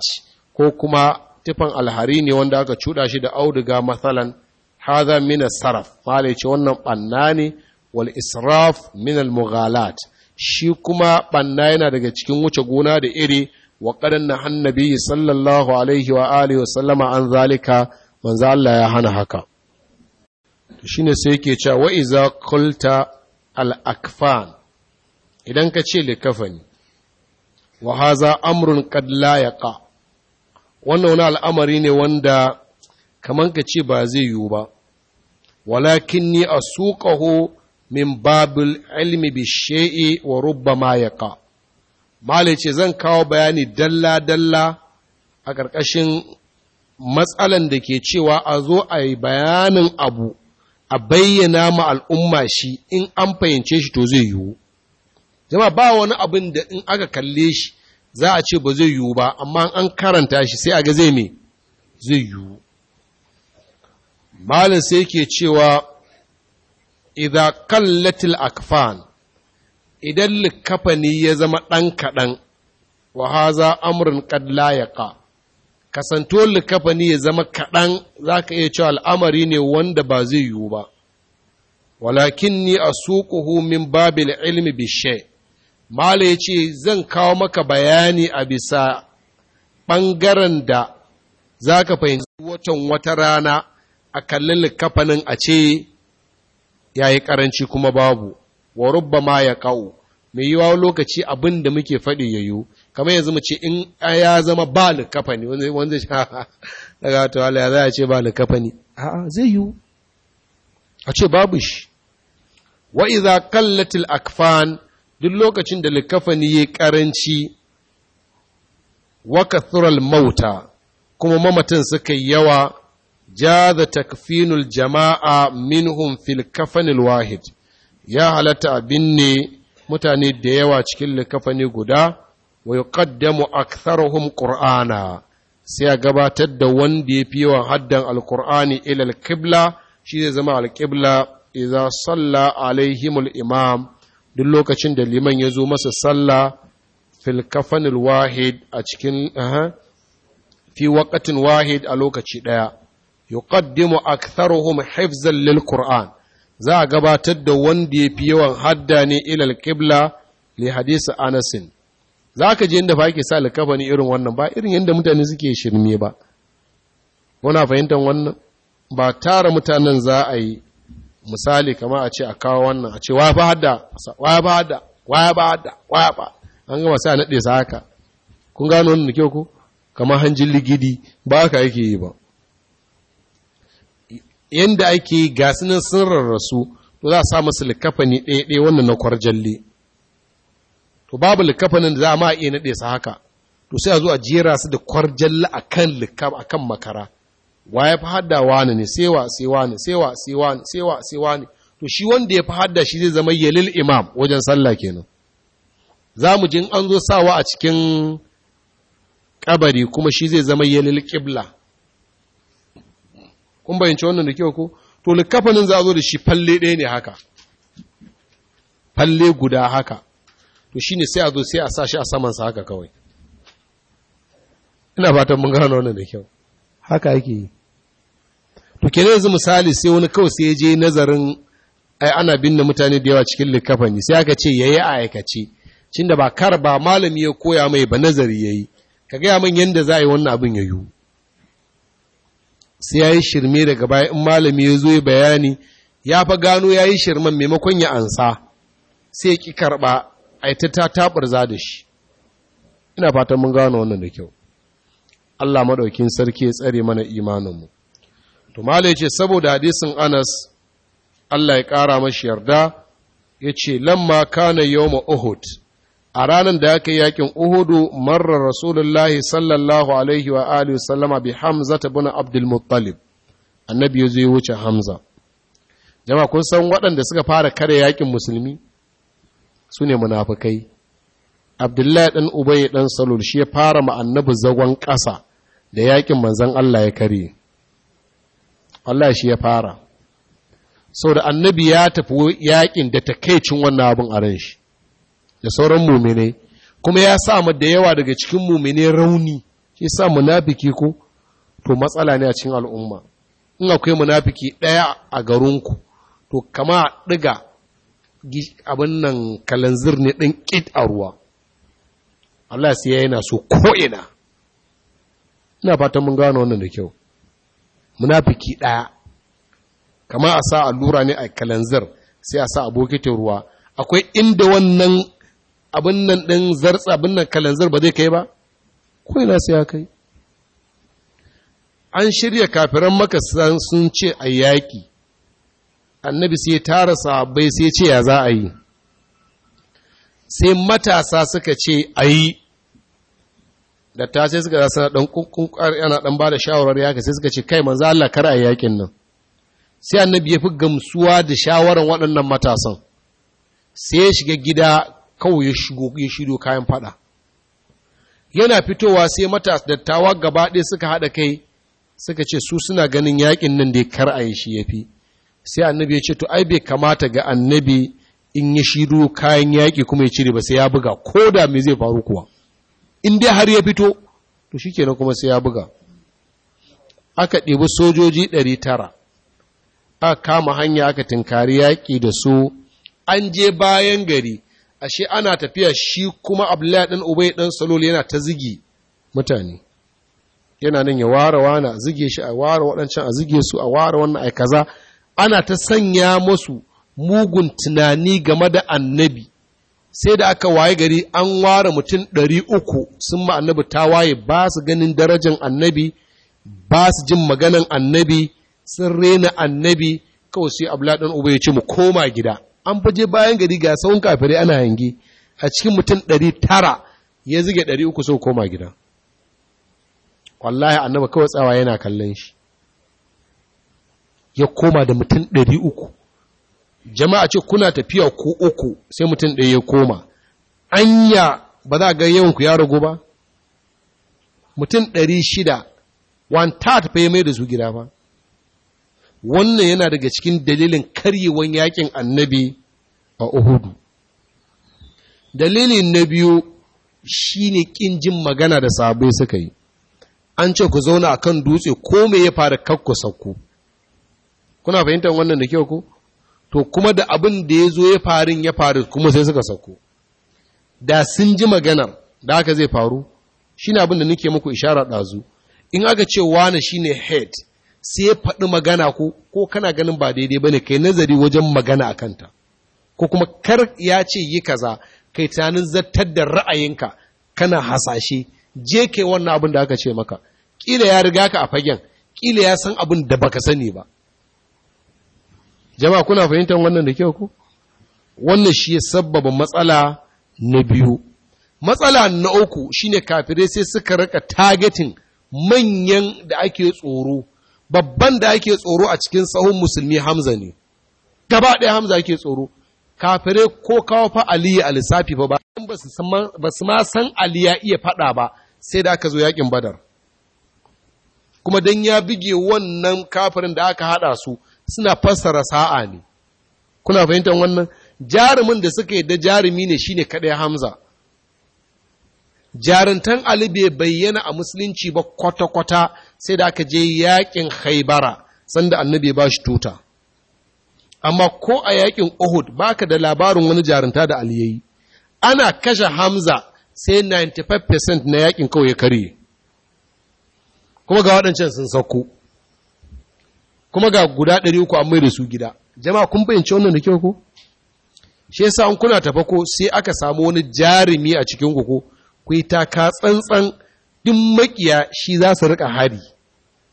ko kuma tufan alharini wanda aka cuda shi da auduga matsalan haza min saraf malai ce wannan banna ne wal israf min almughalat shi kuma ɓanna yana daga cikin wuce gona da iri wa qadanna annabi sallallahu alaihi wa alihi wa sallama an zalika manzo Allah ya hana haka ne sai yake cewa wa iza kulta al’akfan idan ka ce likafani wa haza amrun kadla ya ka wannan wani al'amari ne wanda kamar ka ce ba zai yiwu ba Walakin walakinni asukaho min babul ilmi bi shay'i wa rubbama yaqa malai ce zan kawo bayani dalla dalla a ƙarƙashin matsalan da ke cewa a zo a yi bayanin abu a bayyana ma al'umma shi in an fahimce shi to zai yiwu jama ba wani abin da in aka kalle shi za a ce ba zai yiwu ba amma an karanta shi sai a ga zai me zai yiwu malin sai ke cewa idza kallatil akfan idan likafani ya zama ɗan kaɗan wa haza amrun qad kasanto likafani ya zama kaɗan za ka iya cewa al'amari ne wanda ba zai yiwu ba walakin ni a suƙuhu min babil ilmi bishe mala ya ce zan kawo maka bayani a bisa ɓangaren da za ka fahimci watan wata rana a kallin likafanin a ce ya yi ƙaranci kuma babu wa rubba ma ya ƙa'u mai yiwa lokaci abin da muke faɗi ya yiwu kamar yanzu mu ce in ya zama ba likafani wanda shi daga to Allah ya zai ce ba likafani a'a zai yi a ce babu shi wa idza kallatil akfan duk lokacin da likafani ya karanci wa kathural mauta kuma mamatan suka yi yawa jaza takfinul jama'a minhum fil kafanil wahid ya halatta abin ne mutane da yawa cikin likafani guda mu yuqaddamu aktharuhum qur'ana sai a gabatar da wanda ya fi yawan haddan alqur'ani ilal kibla, shi zai zama alqibla idza salla alaihimul imam duk lokacin da liman ya zo masa sallah fil kafanil wahid a cikin fi wahid a lokaci daya yuqaddimu aktharuhum hifzan lil qur'an za a gabatar da wanda ya fi yawan hadda ne ilal qibla li hadisi anasin za ka je inda fa ake sa likafani irin wannan ba irin yadda mutane suke shirme ba muna fahimtar wannan ba tara mutanen za a yi misali kama a ce a kawo wannan a ce waya ba hada waya ba hada waya ba hada waya ba an gama sa naɗe sa haka kun gano wannan kyau ko kama hanjin ligidi ba ka yake yi ba yadda ake yi ga sun rarrasu to za a sa masu likafani ɗaya ɗaya wannan na kwarjalle to babu likafanin da za ma iya naɗe su haka to sai a zo a jera su da kwarjalla a kan likaf a kan makara wa ya fi hada wani ne sewa sewa ne sewa sewa ne sewa sewa ne to shi wanda ya fi hada shi zai zama yalil imam wajen sallah kenan za mu jin an zo sawa a cikin kabari kuma shi zai zama yalil kibla kun bayyance wannan da kyau ko to likafanin za a zo da shi falle ɗaya ne haka falle guda haka to shine sai a zo sai a sa a saman sa haka kawai ina fatan mun gano wannan da kyau haka yake to kenan yanzu misali sai wani kawai sai ya je nazarin ai ana binne mutane da yawa cikin likafani sai aka ce yayi a aikace cinda ba kar ba malami ya koya mai ba nazari yayi ka gaya mun yadda za a yi wannan abin ya yiwu sai ya yi shirme daga baya in malami ya zo ya bayani ya fa gano ya yi shirman maimakon ya ansa sai ya ƙi a ta tabar za da shi ina fatan mun gano wannan da kyau Allah maɗaukin sarki ya tsare mana imaninmu to malai ce saboda hadisin anas Allah ya ƙara mashi yarda ya ce lamma kana yawma uhud a ranar da aka yi yakin uhudu marar rasulullahi sallallahu alaihi wa alihi sallama bi hamza ta abdul muttalib annabi ya ya wuce hamza Jama kun san waɗanda suka fara kare yakin musulmi su ne munafukai abdullahi ɗan ubai ɗan salul shi ya fara ma'annabi zagon ƙasa da yakin manzan Allah ya kare Allah shi ya fara sau da annabi ya tafi yaƙin da takaicin wannan abin a ran shi da sauran mumine kuma ya sa mu da yawa daga cikin mumine rauni shi sa munafiki ko to matsala ne a cikin al'umma in akwai munafiki ɗaya a garinku to kama ɗiga abin nan kalanzir ne ɗin ƙid a ruwa Allah sai ya yana so ko'ina ina fatan mun gano wannan da kyau munafiki ɗaya kama a sa allura ne a kalanzir sai a sa a bokitin ruwa akwai inda wannan abin nan ɗin zartsa abin nan kalanzir ba zai kai ba ko'ina sai ya kai an shirya kafiran maka sun ce a yaƙi annabi sai tara sahabbai sai ce ya za a yi sai matasa suka ce a yi da ta sai suka zasa ɗan kunkar yana ɗan ba da shawarar yaka sai suka ce kai manzo Allah kar a yakin nan sai annabi ya fi gamsuwa da shawarar waɗannan matasan sai ya shiga gida kawai ya shigo shido kayan faɗa. yana fitowa sai matas dattawa gaba ɗaya suka haɗa kai suka ce su suna ganin yaƙin nan da kar a yi shi fi. sai annabi ya ce to ai bai kamata ga annabi in ya shiru kayan yaƙi kuma ya cire ba sai ya buga ko da me zai faru kuwa in dai har ya fito to shikenan kuma sai ya buga aka ɗebi sojoji ɗari tara aka kama hanya aka tinkari yaƙi da su an je bayan gari ashe ana tafiya shi kuma abdullahi ɗan ubai ɗan salol yana ta zigi mutane yana nan ya ware wana zige shi a ware waɗancan a zige su a ware wannan a kaza ana ta sanya masu mugun tunani game da annabi sai da aka waye gari an ware mutum ɗari uku sun ma annabi ta waye ba su ganin darajan annabi ba su jin maganan annabi sun rena annabi kawai sai abladan uba ya ce mu koma gida an faje bayan gari ga sauran kafirai ana hangi a cikin mutum ɗari tara ya zige ɗari uku sau koma gida wallahi annaba kawai tsawa yana kallon shi ya koma da mutum ɗari uku jama'a ce kuna tafiya ko uku sai mutum ɗaya ya koma anya ba za a ga yawanku ya ragu ba mutum ɗari shida one third ya mai da su gida ba wannan yana daga cikin dalilin karyewan yakin annabi a uhudu dalilin na biyu shine ƙin jin magana da sabai suka yi an ce ku zauna a kan dutse ko mai ya fara kakku sauko kuna fahimtar wannan da kyau ko to kuma da abin da ya zo ya farin ya faru kuma sai suka sako da sun ji maganar da haka zai faru shine abin da nake muku ishara ɗazu in aka ce wani shine head sai ya faɗi magana ko ko kana ganin ba daidai bane kai nazari wajen magana a kanta ko kuma kar ya ce yi kaza kai tunanin zartar da ra'ayinka kana hasashe je kai wannan abin da aka ce maka kila ya riga ka a fagen kila ya san abin da baka sani ba jama'a kuna fahimtar wannan da kyau ku wannan shi ya sabbaba matsala na biyu matsala na uku shine kafirai sai suka rika targeting manyan da ake tsoro babban da ake tsoro a cikin sahun musulmi hamza ne gaba ɗaya hamza ake tsoro kafirai ko kawo fa aliyu a lissafi fa ba ba su ma san ali ya iya faɗa ba sai da aka zo yakin badar kuma dan ya bige wannan kafirin da aka haɗa su suna fassara sa'a ne kuna fahimtar wannan jarumin da suka yadda jarumi ne shi ne kaɗai hamza jarintan ali bai bayyana a musulunci ba kwata-kwata sai da aka je yaƙin haibara sanda annabi ba shi tuta amma ko a yakin uhud baka da labarin wani jarinta da ali yayi ana kashe hamza sai 95% na yakin kawai ya karye kuma ga waɗancan sun sauko kuma ga guda ɗari uku an mai da su gida jama'a kun fahimci wannan da kyau ko shi yasa an kuna tafa ko sai aka samu wani jarumi a cikin ku ko ku yi ka tsantsan din makiya shi za su rika hari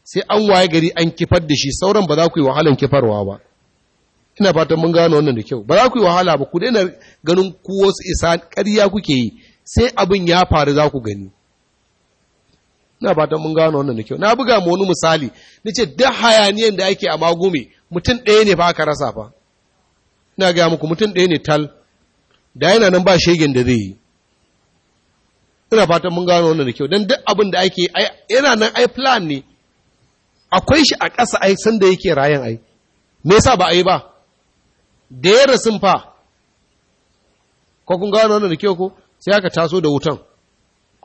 sai an waye gari an kifar da shi sauran ba za ku yi wahalan kifarwa ba ina fatan mun gano wannan da kyau ba za ku yi wahala ba ku daina ganin ku wasu isa ƙarya kuke yi sai abin ya faru za ku gani ina fatan mun gano wannan da kyau na buga mu wani misali nace duk hayaniyan da ake a magume mutum ɗaya ne fa aka rasa fa ina ga muku mutum ɗaya ne tal da yana nan ba shegen da zai yi ina fatan mun gano wannan da kyau dan duk abin da ake yana nan ai plan ne akwai shi a ƙasa ai san da yake rayan ai me yasa ba ai ba da ya rasin fa ko kun gano wannan da kyau ko sai aka taso da wutan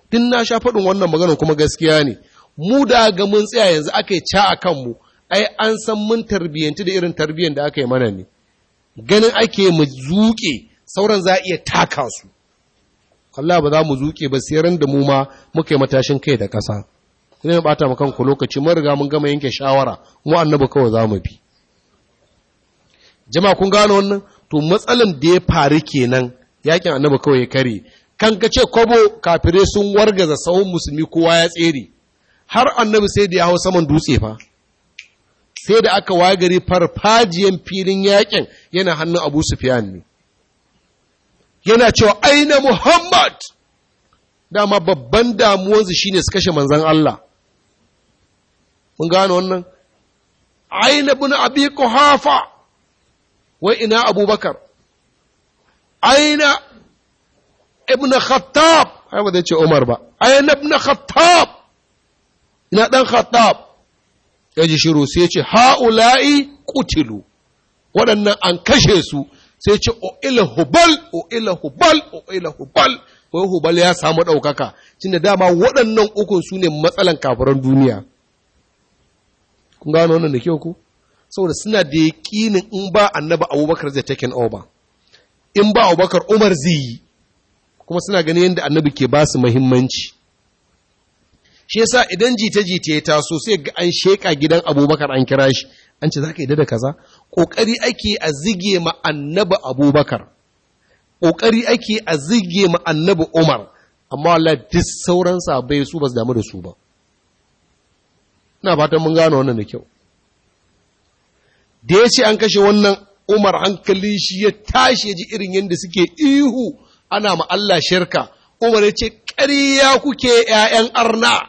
din na sha faɗin wannan magana kuma gaskiya ne mu da ga mun tsaya yanzu aka yi ca a mu. ai an san mun tarbiyyanci da irin tarbiyyan da aka yi mana ne ganin ake mu zuƙe sauran za a iya taka su Allah ba za mu zuke ba sai ran da mu ma muka yi matashin kai da ƙasa kuma ya ɓata maka ku lokaci mun riga mun gama yanke shawara mu annabi kawai za mu bi jama'a kun gano wannan to matsalan da ya faru kenan yakin annabi kawai ya kare kan ka ce kobo kafirai sun wargaza sahun musulmi kowa ya tsere har annabi sai da ya hau saman dutse fa sai da aka wagari farfajiyan filin yakin yana hannun abu sufiyan ne yana cewa aina muhammad dama babban damuwansu shine su kashe manzan Allah mun gano wannan aina bin abi kuhafa wai ina abubakar aina ibn Khattab, ai ba zai ce Umar ba, ai na ibn Khattab, ina ɗan Khattab, ya ji shiru sai ce, ha'ula'i kutilu, waɗannan an kashe su, sai ce, o ila hubal, o ila hubal, o ila hubal, wai hubal ya samu ɗaukaka, cin da dama waɗannan ukun su ne matsalan kafiran duniya. Kun gano wannan da kyau ku? Saboda suna da yaƙinin in ba annaba Abubakar zai taken over. in ba abubakar umar zai yi kuma suna ganin yadda annabi ke ba su muhimmanci shi yasa idan jita-jita ya taso sai ga an sheka gidan abubakar an kira shi an ce za ka yi da kaza ƙoƙari ake a zige ma annabi abubakar ƙoƙari ake a zige ma annabi umar amma wala duk sauran sabai su ba damu da su ba ina fatan mun gano wannan da kyau da ya ce an kashe wannan umar hankalin shi ya tashi ya ji irin yadda suke ihu ana ma Allah shirka Umar ya ce ƙarya kuke ‘ya'yan arna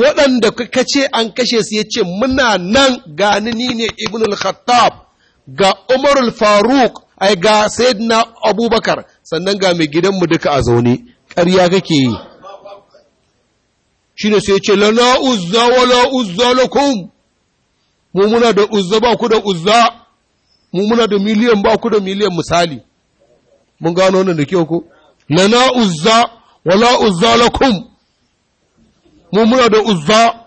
waɗanda kuka ce an kashe su ya ce muna nan gani ni ne ibn al-khattab ga Umar al faruk ai ga sayyidina abubakar sannan ga mai gidanmu duka a zaune ƙarya kake yi shi ne sai ce lana uzza la uzza lakum mu muna da uzza ba ku da uzza mu muna da miliyan ba ku da miliyan misali mun gano wannan da kyau ko lana uzza wala uzza lakum mu muna da uzza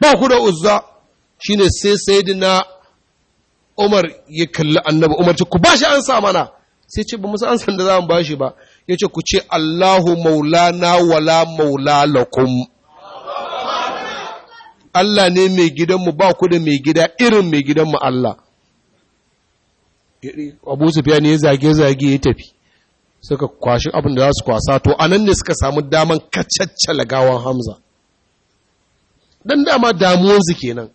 ba ku da uzza shine sai sayyidina Umar ya kalli annabi Umar ce ku ba shi an mana sai ce ba mu san san da za mu ba shi ba ya ce ku ce Allahu maulana wala maula lakum Allah ne mai gidanmu ba ku da mai gida irin mai gidanmu Allah Abu Sufyan ya zage zage ya tafi suka kwashi abin da za su kwasa to a nan ne suka samu daman kacaccala gawan hamza don dama damuwansu kenan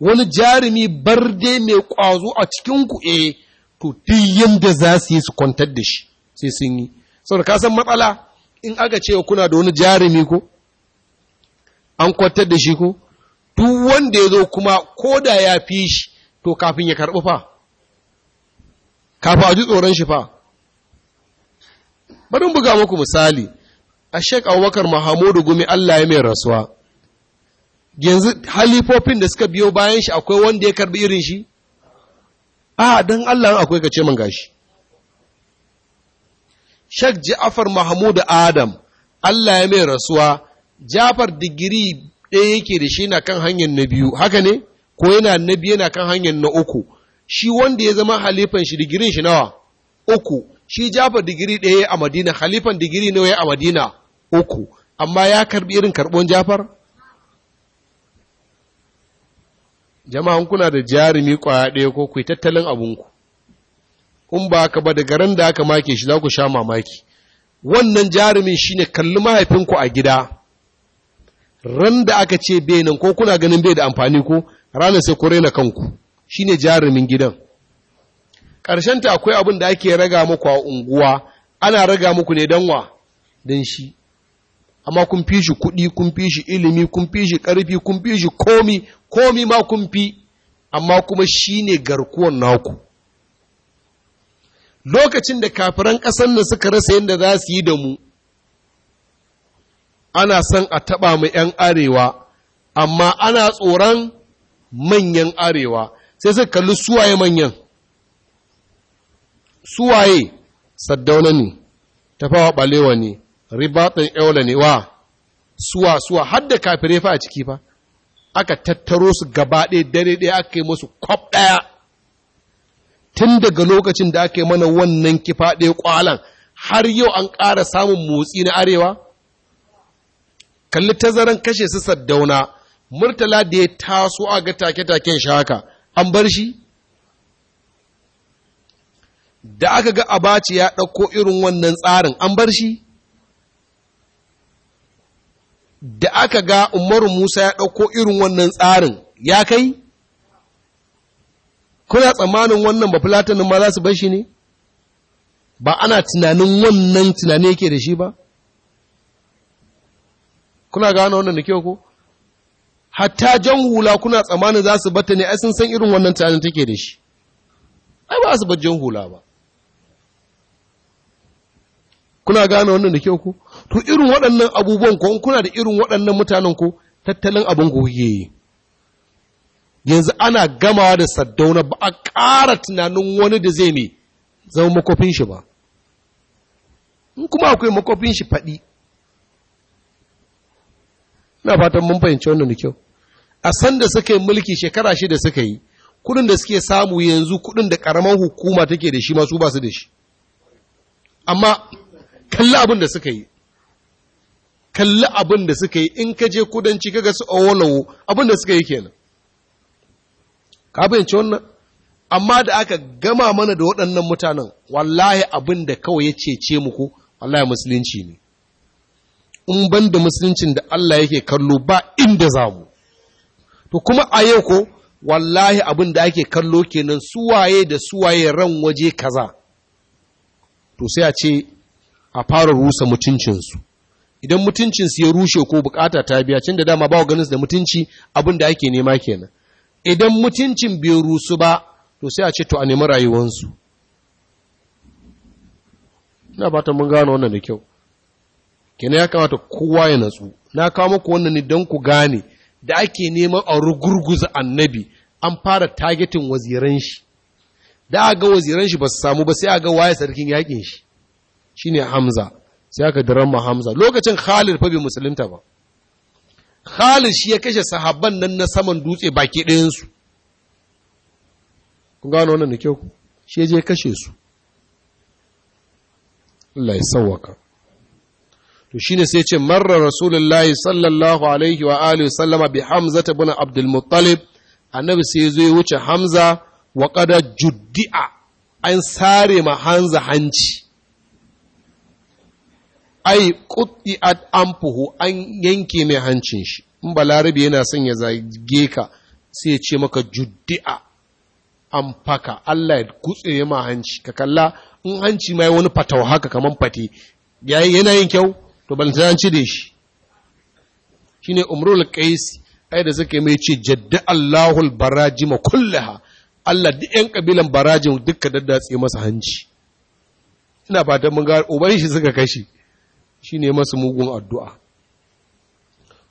wani jarumi barde mai kwazo a cikin ku eh to duk yadda za su yi su kwantar da shi sai sun yi saboda ka san matsala in aka ce kuna da wani jarumi ko an kwantar da shi ko duk wanda ya zo kuma ko da ya fi shi to kafin ya karɓi fa kafin a ji tsoron shi fa bari buga muku misali a shek abubakar mahamudu gumi allah ya mai rasuwa yanzu halifofin da suka biyo bayan shi akwai wanda ya karbi irin shi a don allah akwai ka ce man gashi shek ja'afar mahamudu adam allah ya mai rasuwa jafar digiri ɗaya yake da shi na kan hanyar na biyu haka ne ko yana na biyu yana kan hanyar na uku shi wanda ya zama halifan shi digirin shi nawa uku shi Jafar digiri ɗaya a Madina khalifan digiri nawa a Madina uku amma ya karbi irin karbon Jafar jama'an kuna da jarumi kwaya ɗaya ko ku tattalin abunku in ba ka ba da garin da aka make shi za ku sha mamaki wannan jarumin shine kalli mahaifinku a gida ran da aka ce nan ko kuna ganin bai da amfani ko ranar sai ku raina kanku shine jarumin gidan ta akwai abin da ake raga muku a unguwa ana raga muku ne don wa don shi amma kun fi shi kuɗi kun fi shi ilimi kun fi shi ƙarfi kun fi shi komi komi ma kun fi amma kuma shi ne garkuwan naku lokacin da kafiran ƙasar nan suka rasa yadda za su yi da mu ana son a taɓa mu 'yan arewa amma ana tsoron manyan arewa sai suka kalli suwaye manyan suwaye waye saddauna ne tafawa balewa ne ribatun yaula ne wa suwa suwa har da kafirai fa a ciki fa aka tattaro su gaba ɗaya dare ɗaya aka yi musu kwaf ɗaya tun daga lokacin da aka yi mana wannan kifa ɗaya ƙwalan har yau an ƙara samun motsi na arewa kalli tazaran kashe su saddauna murtala da ya taso a ga take-taken shaka an bar shi da aka ga abaci ya ɗauko irin wannan tsarin an bar shi da aka ga umaru musa ya ɗauko irin wannan tsarin ya kai kuna tsammanin wannan ba fulatanin ma za su bar shi ne ba ana tunanin wannan tunani yake da shi ba kuna gano wannan da kyau ko hatta jan hula kuna tsammanin za su bata ne ai sun san irin wannan tunanin take da shi ai ba su bar jan hula ba kuna gane wannan da kyau ko to irin waɗannan abubuwan ko kuna da irin waɗannan mutanen ko tattalin abin goge. yi yanzu ana gama da saddauna ba a ƙara tunanin wani da zai mai zama makofin shi ba in kuma akwai makofin shi faɗi ina fatan mun fahimci wannan da kyau a san da suka yi mulki shekara shida suka yi kudin da suke samu yanzu kuɗin da karamar hukuma take da shi masu ba su da shi amma kalli abin da suka yi kalli abin da suka yi in ka je kudanci kaga su wolawo, abin da suka yi kenan ka bayyance wannan amma da aka gama mana da waɗannan mutanen wallahi abin da kawai ya cece mu ko wallahi musulunci ne in ban da musuluncin da Allah yake kallo ba inda za mu to kuma a yau ko wallahi abin da ake kallo kenan suwaye da suwaye ran waje kaza to sai a ce a fara rusa mutuncinsu idan mutuncinsu ya rushe ko bukata ta biya cin da dama ba ganin su da mutunci abin da ake nema kenan idan mutuncin bai rusu ba to sai a ce to a nemi rayuwansu ina bata mun gano wannan da kyau kenan ya kamata kowa ya natsu na kawo muku wannan ne don ku gane da ake neman a rugurguza annabi an fara tagetin waziran shi da a ga waziran shi ba su samu ba sai a ga waye sarkin yakin shi Shi ne hamza sai aka ma hamza lokacin khalid fa bai musulunta ba khalid shi ya kashe sahabban nan na saman dutse baki ɗayansu kun gano wannan da kyau shi je kashe su Allah ya sawaka to shine sai ce marra rasulullahi sallallahu alaihi wa alihi sallama bi hamza ibn abdul muttalib annabi sai zo ya wuce hamza wa qada juddi'a an sare ma hanza hanci ai kutti at amfuhu an yanke mai hancin shi in larabi yana son ya zage ka sai ya ce maka juddi'a an faka Allah ya kutse ma hanci ka kalla in hanci ma wani fatau haka kamar fate yayi yana yin kyau to ban ta ci da shi shine umrul qais ai da suka mai ce jadda Allahul barajima kullaha Allah duk yan kabilan barajin duka daddatse masa hanci ina fatan mun ga uban shi suka kashi Shi ne masu mugun addu'a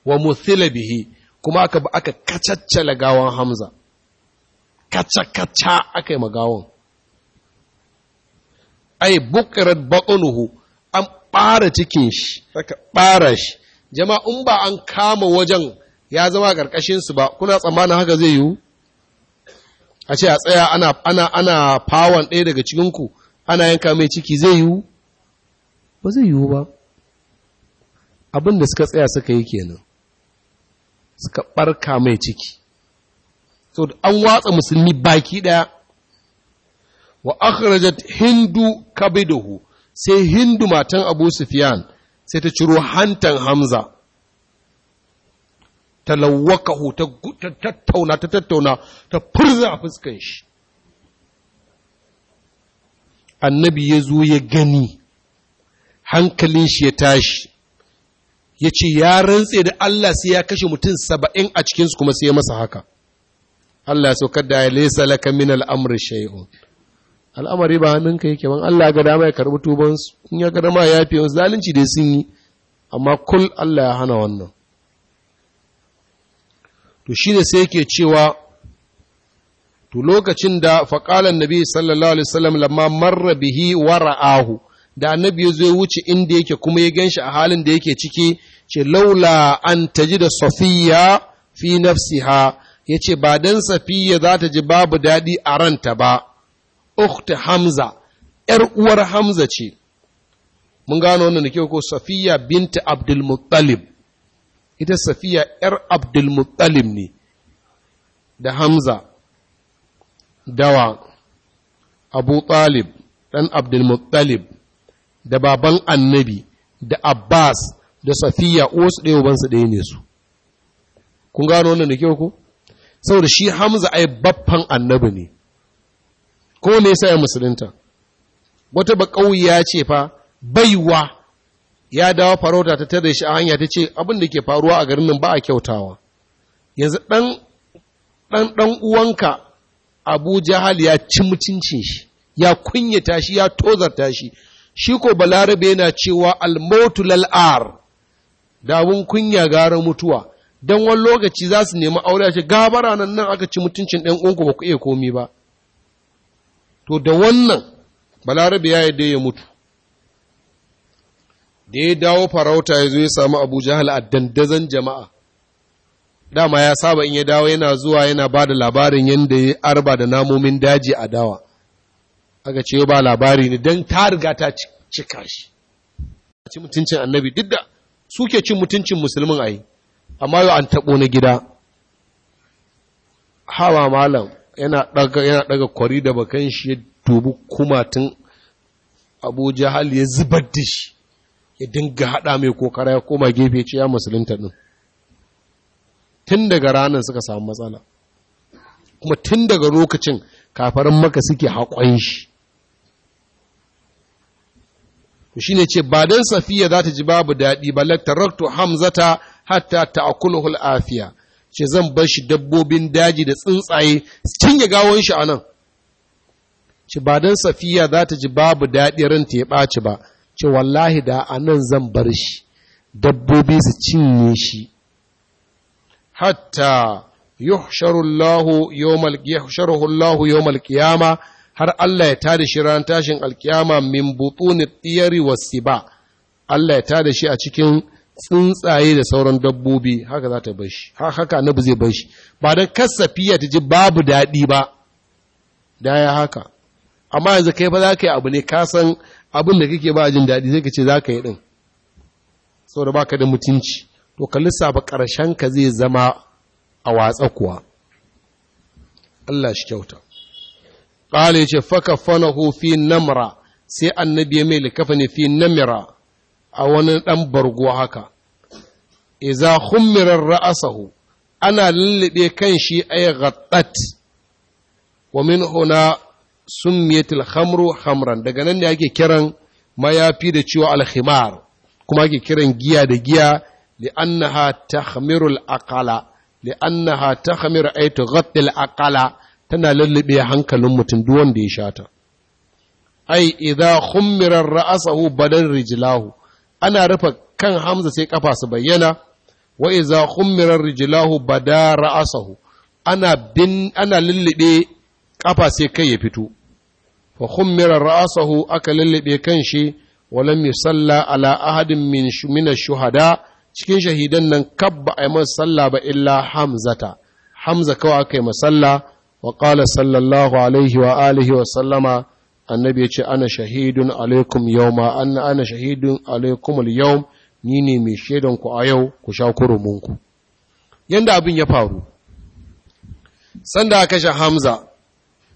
wa muthila bihi kuma aka ba aka kacaccala gawan hamza kaca-kaca aka yi magawan ai bukirar baƙunuhu an ɓara cikin shi aka ɓara shi jama'a in ba an kama wajen ya zama ƙarƙashinsu ba kuna tsammanin haka zai yiwu a ce a tsaya ana ana ana fawon ɗaya daga cikinku ana yanka mai ciki zai yiwu ba zai yiwu ba abin da suka tsaya suka yi kenan suka barka mai ciki so an watsa musulmi baki ɗaya wa akhrajat hindu kabidahu sai hindu matan abu sufyan sai ta ciro hantan hamza ta hu, ta tattauna ta tattauna ta furza a fuskan shi annabi ya zo ya gani hankalin shi ya tashi ya ce ya rantse da Allah sai ya kashe mutum saba'in a cikinsu kuma sai ya masa haka Allah ya saukar da ya laisa laka min al'amri shay'un al'amari ba hannunka yake ban Allah ga dama ya karɓi tubansu in ya ga dama ya fi wasu zalunci dai sun yi amma kul Allah ya hana wannan to shi ne sai ke cewa to lokacin da faƙalan nabi sallallahu alaihi wasallam lamma marra bihi wa da annabi ya zo ya wuce inda yake kuma ya ganshi a halin da yake ciki ce laula an taji da safiya fi nafsiha ya ce ba dan safiya za ta ji babu daɗi a ranta ba ukta hamza ‘yar uwar hamza ce mun gano wannan da kyau ko safiya binta abdulmuttalib ita safiya ‘yar abdulmuttalib ne da hamza dawa abu talib ɗan abdulmuttalib da baban annabi da abbas da safiya uwarsu ɗaya ubansu ɗaya ne su kun gano wannan da kyau ko saboda shi hamza ai baffan annabi ne ko ne sa ya musulunta wata ba ya ce fa baiwa ya dawo farauta ta tare shi a hanya ta ce abin da ke faruwa a garin nan ba a kyautawa yanzu ɗan ɗan uwanka abu jahal ya ci mutuncin shi ya kunyata shi ya tozarta shi shi ko balarabe yana cewa almotu lal'ar abin kunya gara mutuwa don wani lokaci za su nemi aure ce gabara nan nan aka ci mutuncin ɗan ƙunku ba ku iya komi ba to da wannan balarabe ya yadda ya mutu da ya dawo farauta ya zo ya samu abu jahal a dandazon jama'a dama ya saba in ya dawo yana zuwa yana ba da labarin yadda ya arba da namomin daji a dawa aka ce ba labari ne don ta riga ta cika shi a ci mutuncin annabi duk da suke cin mutuncin musulmin a yi amma yau an taɓo na gida hawa malam yana ɗaga kwari da bakan shi ya dubi kumatin Abuja, jahal ya zubar da shi ya dinga haɗa mai kokara ya koma gefe ce ya musulunta ɗin tun daga ranar suka samu matsala kuma tun daga lokacin kafarin maka suke haƙon shi shi ne ce ba don safiya za ta ji babu daɗi ba lattaraktu hamzata hatta ta'akuluhul afiya ce zan bar shi dabbobin daji da tsuntsaye cinye gawon shi anan ce ba don safiya za ta ji babu daɗi ranta ya ɓaci ba ce wallahi da anan zan bar shi dabbobi su cinye shi hatta yuhsharu Allahu yawmal yuhsharu Allahu yawmal qiyamah har Allah ya tada shi ran tashin alkiyama min butuni tiyari siba Allah ya tada shi a cikin tsuntsaye da sauran dabbobi haka za ta bar shi haka annabi zai bar shi ba dan kasafiya ta ji babu daɗi ba da ya haka amma yanzu kai fa za yi abu ne ka san abin da kake ba jin daɗi sai ka ce yi ɗin saboda baka da mutunci to ka lissafa karshen ka zai zama a watsa kuwa Allah shi kyauta ƙala ya ce faka fanahu fi namra sai annabi ya mai likafani fi namira a wani ɗan bargo haka iza hummirar ra'asahu ana lullube kan shi yi ghattat wa min huna summiyatil hamru, hamran. daga nan ne ake kiran mayafi da ciwo alhimar kuma ake kiran giya da giya li'annaha tahmirul aqala li'annaha tahmir ay tughattil tana lullube hankalin mutum duk wanda ya shata ai idza khummira ra'sahu badan rijlahu ana rufe kan hamza sai kafa su bayyana wa idza khummira rijlahu bada ra'sahu ana bin ana kafa sai kai ya fito fa khummira ra'sahu aka lullube kan shi walam yusalla ala ahadin min min shuhada cikin shahidan nan kabba ay man salla ba illa hamzata hamza kawai aka yi masalla wa qala sallallahu alaihi wa alihi wa sallama annabi ya ce ana shahidun alaikum yawma ana shahidun alaikum al ni ne mai shaidan ku a yau ku sha kurumin ku yanda abin ya faru sanda aka kashe Hamza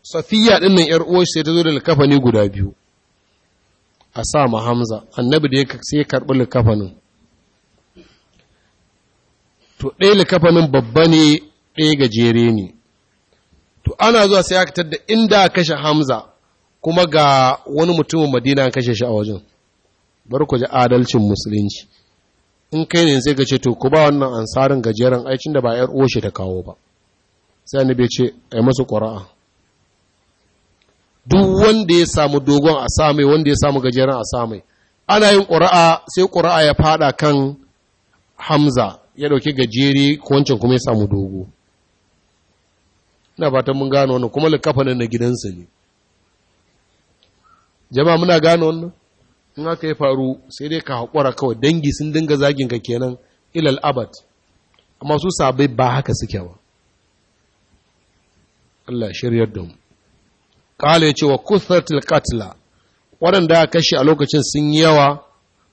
Safiya din yar uwarsa sai ta zo da likafani guda biyu a sa ma Hamza annabi da ya sai karbi likafanin to ɗaya likafanin babba ne ɗaya gajere ne to ana zuwa sai aka tadda inda kashe hamza kuma ga wani mutumin madina an kashe shi a wajen bar ku adalcin musulunci in kai ne zai gace to ku ba wannan ansarin gajeren aikin da ba yar oshe ta kawo ba sai annabi ce ai masu qura'a duk wanda ya samu dogon a samai wanda ya samu gajeren a samai ana yin qura'a sai qura'a ya fada kan hamza ya dauki gajere ko kuma ya samu dogo ina fatan mun gano wannan kuma likafanin na gidansa ne jama'a muna gano wannan in aka yi faru sai dai ka haƙura kawai dangi sun dinga zagin ka kenan ilal abad amma su sabai ba haka suke ba Allah shiryar da mu ya ce wa kuthratil katila waɗanda aka kashe a lokacin sun yi yawa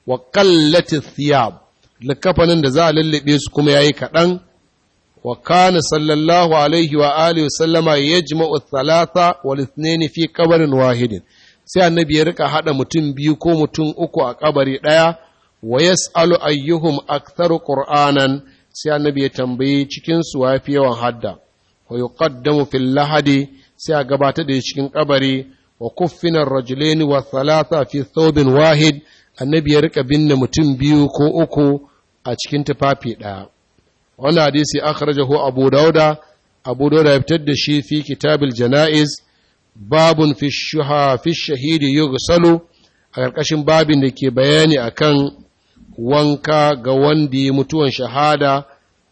wa qallati thiyab likafanin da za a lullube su kuma ya yi kaɗan wa kana sallallahu alaihi wa alihi wa sallama yajma'u thalatha wal ithnain fi qabrin wahidin sai annabi ya rika haɗa mutum biyu ko mutum uku a kabari ɗaya wa yas'alu ayyuhum aksar qur'anan sai annabi ya tambayi cikin su yawan hadda wa yuqaddamu fil lahadi sai a gabata da cikin ƙabari wa kuffina ar-rajulaini wa thalatha fi thawbin wahid annabi ya rika binne mutum biyu ko uku a cikin tufafi ɗaya. wannan hadisi akhrajahu abu dauda abu dauda ya fitar da shi fi kitabil janaiz babun fi shuha fi shahidi yughsalu a ƙarƙashin babin da ke bayani akan wanka ga wanda ya shahada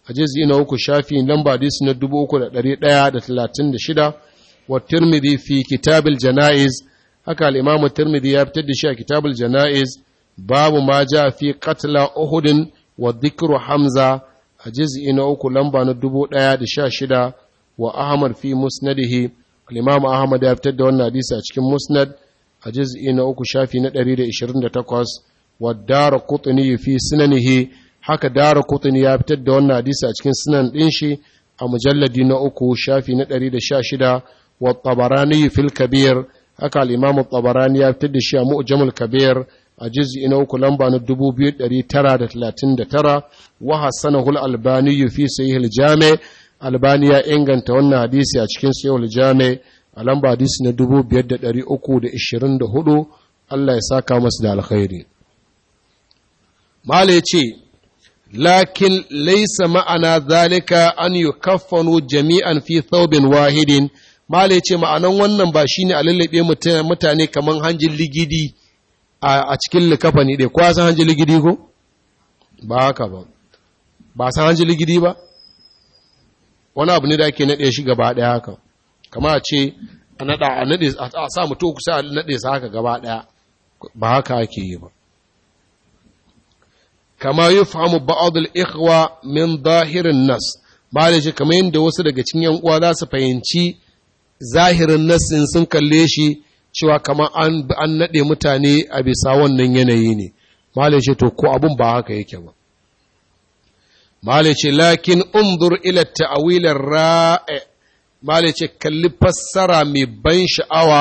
a jizgi na uku shafi lamba hadisi na 3136 wa tirmidhi fi kitabil janaiz haka al-imam tirmidhi ya fitar da shi a kitabul janaiz babu ma ja fi qatla uhudin wa dhikru hamza a juz'i na uku lamba na 1016 wa Ahmad fi musnadihi al-Imam Ahmad ya fitar da wannan hadisi a cikin musnad a juz'i na uku shafi na 128 wa Daraqutni fi sunanihi haka Daraqutni ya fitar da wannan hadisi a cikin sunan din shi a mujalladi na uku shafi na 116 wa Tabarani fil haka al-Imam ya fitar da shi a Mu'jamul Kabir a jizi na uku lamba na 2939 wa hasanahu hul albani fi sahih al-jami albani ya inganta wannan hadisi a cikin sahih al-jami a lamba hadisi na 5324 Allah ya saka masu da alkhairi Mala ce, Lakin laisa ma'ana zalika an yi jami'an fi thawbin wahidin, Mala ce ma'anan wannan ba shi ne a lullube mutane kamar hanjin ligidi a cikin likafani ɗai kwa san hanji ligidi ko ba haka ba ba san hanji ligidi ba wani abu ne da ake naɗe shi gaba ɗaya haka kama a ce a naɗa a naɗe a sa mutu kusa a naɗe sa haka gaba ɗaya ba haka ake yi ba kama yi famu ba'adul ikhwa min zahirin nas ba da shi yin da wasu daga cikin yan uwa za su fahimci zahirin nassin sun kalle shi cewa kamar an naɗe mutane a bisa wannan yanayi ne malai ce to ko abin ba haka yake ba malai ce lakin unzur ila ta'awilar ra'e. malai ce kalli fassara mai ban sha'awa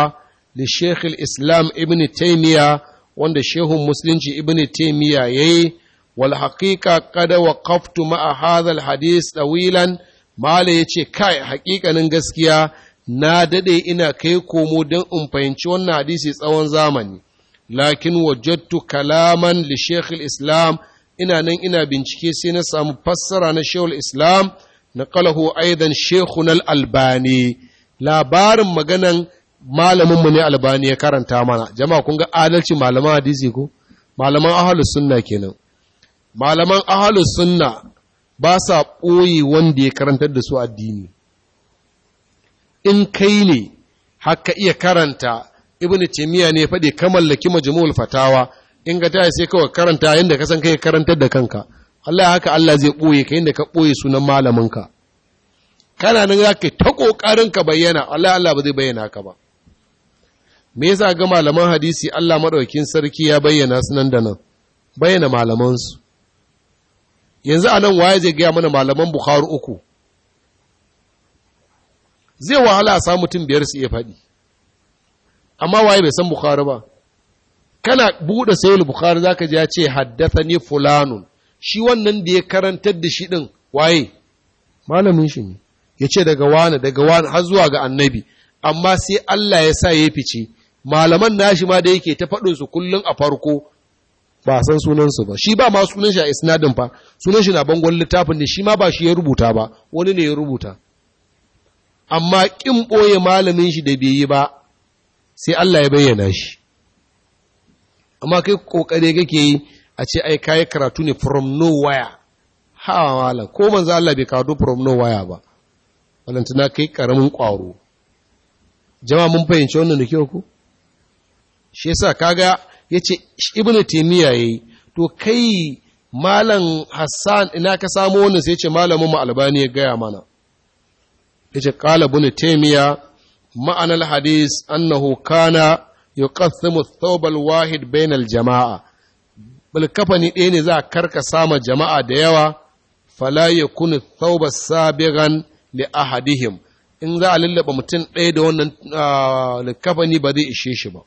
da shekhul islam ibn taimiya wanda shehun musulunci ibn taimiya yayi. yi wal haƙiƙa kada wa kaftu ma'a hadal hadis ɗawilan malai ya ce kai haƙiƙanin gaskiya na dade ina kai komo don in fahimci wannan hadisi tsawon zamani lakin wajattu kalaman li shekhul islam ina nan ina bincike sai na samu fassara na shehul islam na kalahu aidan Sheikhun albani labarin maganan malaminmu ne albani ya karanta mana jama'a kun ga adalci malaman hadisi ko malaman ahalus sunna kenan malaman ahalus sunna ba sa ɓoye wanda ya karantar da su addini in kai ne haka iya karanta ibn taymiya ne faɗi ka mallaki majmu'ul fatawa in ga taya sai kawai karanta yadda ka san kai karantar da kanka Allah haka Allah zai ɓoye ka yadda ka ɓoye sunan malaminka kana nan za ka ta ƙoƙarin ka bayyana Allah Allah ba zai bayyana ka ba me yasa ga malaman hadisi Allah maɗaukin sarki ya bayyana su nan da nan bayyana malamansu yanzu a nan waye zai gaya mana malaman Bukhari uku zai wahala a samu mutum biyar su iya faɗi amma waye bai san bukari ba kana buɗe sayul bukhari zaka ji ya ce ne fulanun shi wannan da ya karantar da shi ɗin waye malamin shi ne ya ce daga wani daga wane har zuwa ga annabi amma sai Allah ya sa ya fice malaman nashi ma da yake ta faɗin su kullum a farko ba san sunansu ba shi ba ma sunan shi a isnadin fa sunan shi na bangon littafin ne shi ma ba shi ya rubuta ba wani ne ya rubuta amma ƙin ɓoye malamin shi da bai yi ba sai Allah ya bayyana shi amma kai ƙoƙari kake yi a ce ai kayi karatu ne from nowhere hawa malam ko manzo Allah bai karatu from nowhere ba wannan tana kai karamin ƙwaro jama'a mun fahimci wannan da kyau ku shi yasa kaga yace ibnu taymiya yayi to kai malam hassan ina ka samu wannan sai yace malamin mu albani ya gaya mana yace kala bune taymiya ma'anar hadis annahu kana yuqassimu ath wahid bayna jamaa bal kafani ɗaya ne za a karka ma jama'a da yawa fala yakunu ath sabigan li ahadihim in za a lallaba mutum ɗaya da wannan likafani ba zai ishe shi ba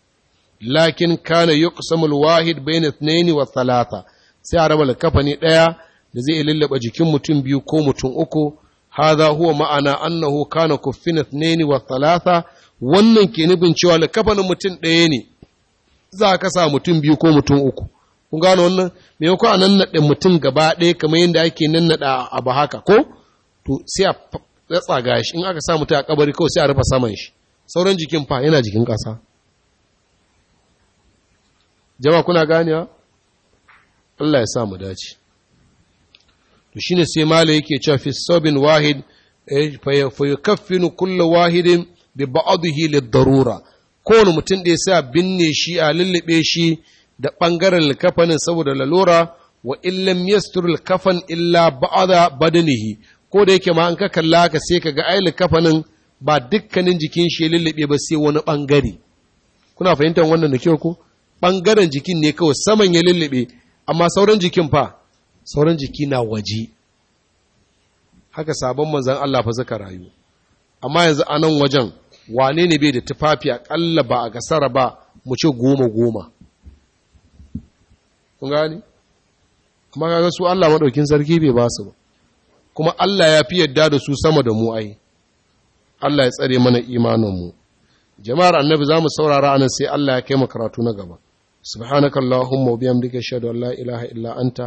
lakin kana yuqsamul wahid bayna ithnaini wa thalatha sai a raba likafani ɗaya da zai lullaba jikin mutum biyu ko mutum uku hadha huwa ma'ana annahu kana kuffina ithnaini wa wannan ke nufin cewa likafanin mutum ɗaya ne za ka sa mutum biyu ko mutum uku kun gano wannan me yau a nannaɗe mutum gaba ɗaya kamar yadda ake nannaɗa abu haka ko to sai a tsatsaga shi in aka sa mutum a kabari kawai sai a rufe saman shi sauran jikin fa yana jikin ƙasa jama'a kuna ganewa Allah ya sa mu dace to shine sai mala yake cewa fi sabin wahid eh, fa yukaffinu kullu wahidin bi ba'dihi lid-darura kowane mutum da ya sa binne shi a lullube shi da bangaren likafanin saboda lalura wa illam yasturul kafan illa ba'da badanihi ko da yake ma an ka kalla ka sai ka ga ai likafanin ba dukkanin jikin shi lullube ba sai wani ɓangare kuna fahimtar wannan da kyau ko ɓangaren jikin ne kawai saman ya lullube amma sauran jikin fa sauran jiki na waje haka sabon manzan Allah fa zaka rayu amma yanzu a nan wajen wane ne bai da tufafi akalla ba a gasara ba mu ce goma goma kun gani amma kaga su Allah madaukin sarki bai ba su ba kuma Allah ya fi yadda da su sama da mu ai Allah ya tsare mana imanin mu jama'ar annabi za mu saurara anan sai Allah ya kai mu karatu na gaba subhanakallahumma wa bihamdika ashhadu an la ilaha illa anta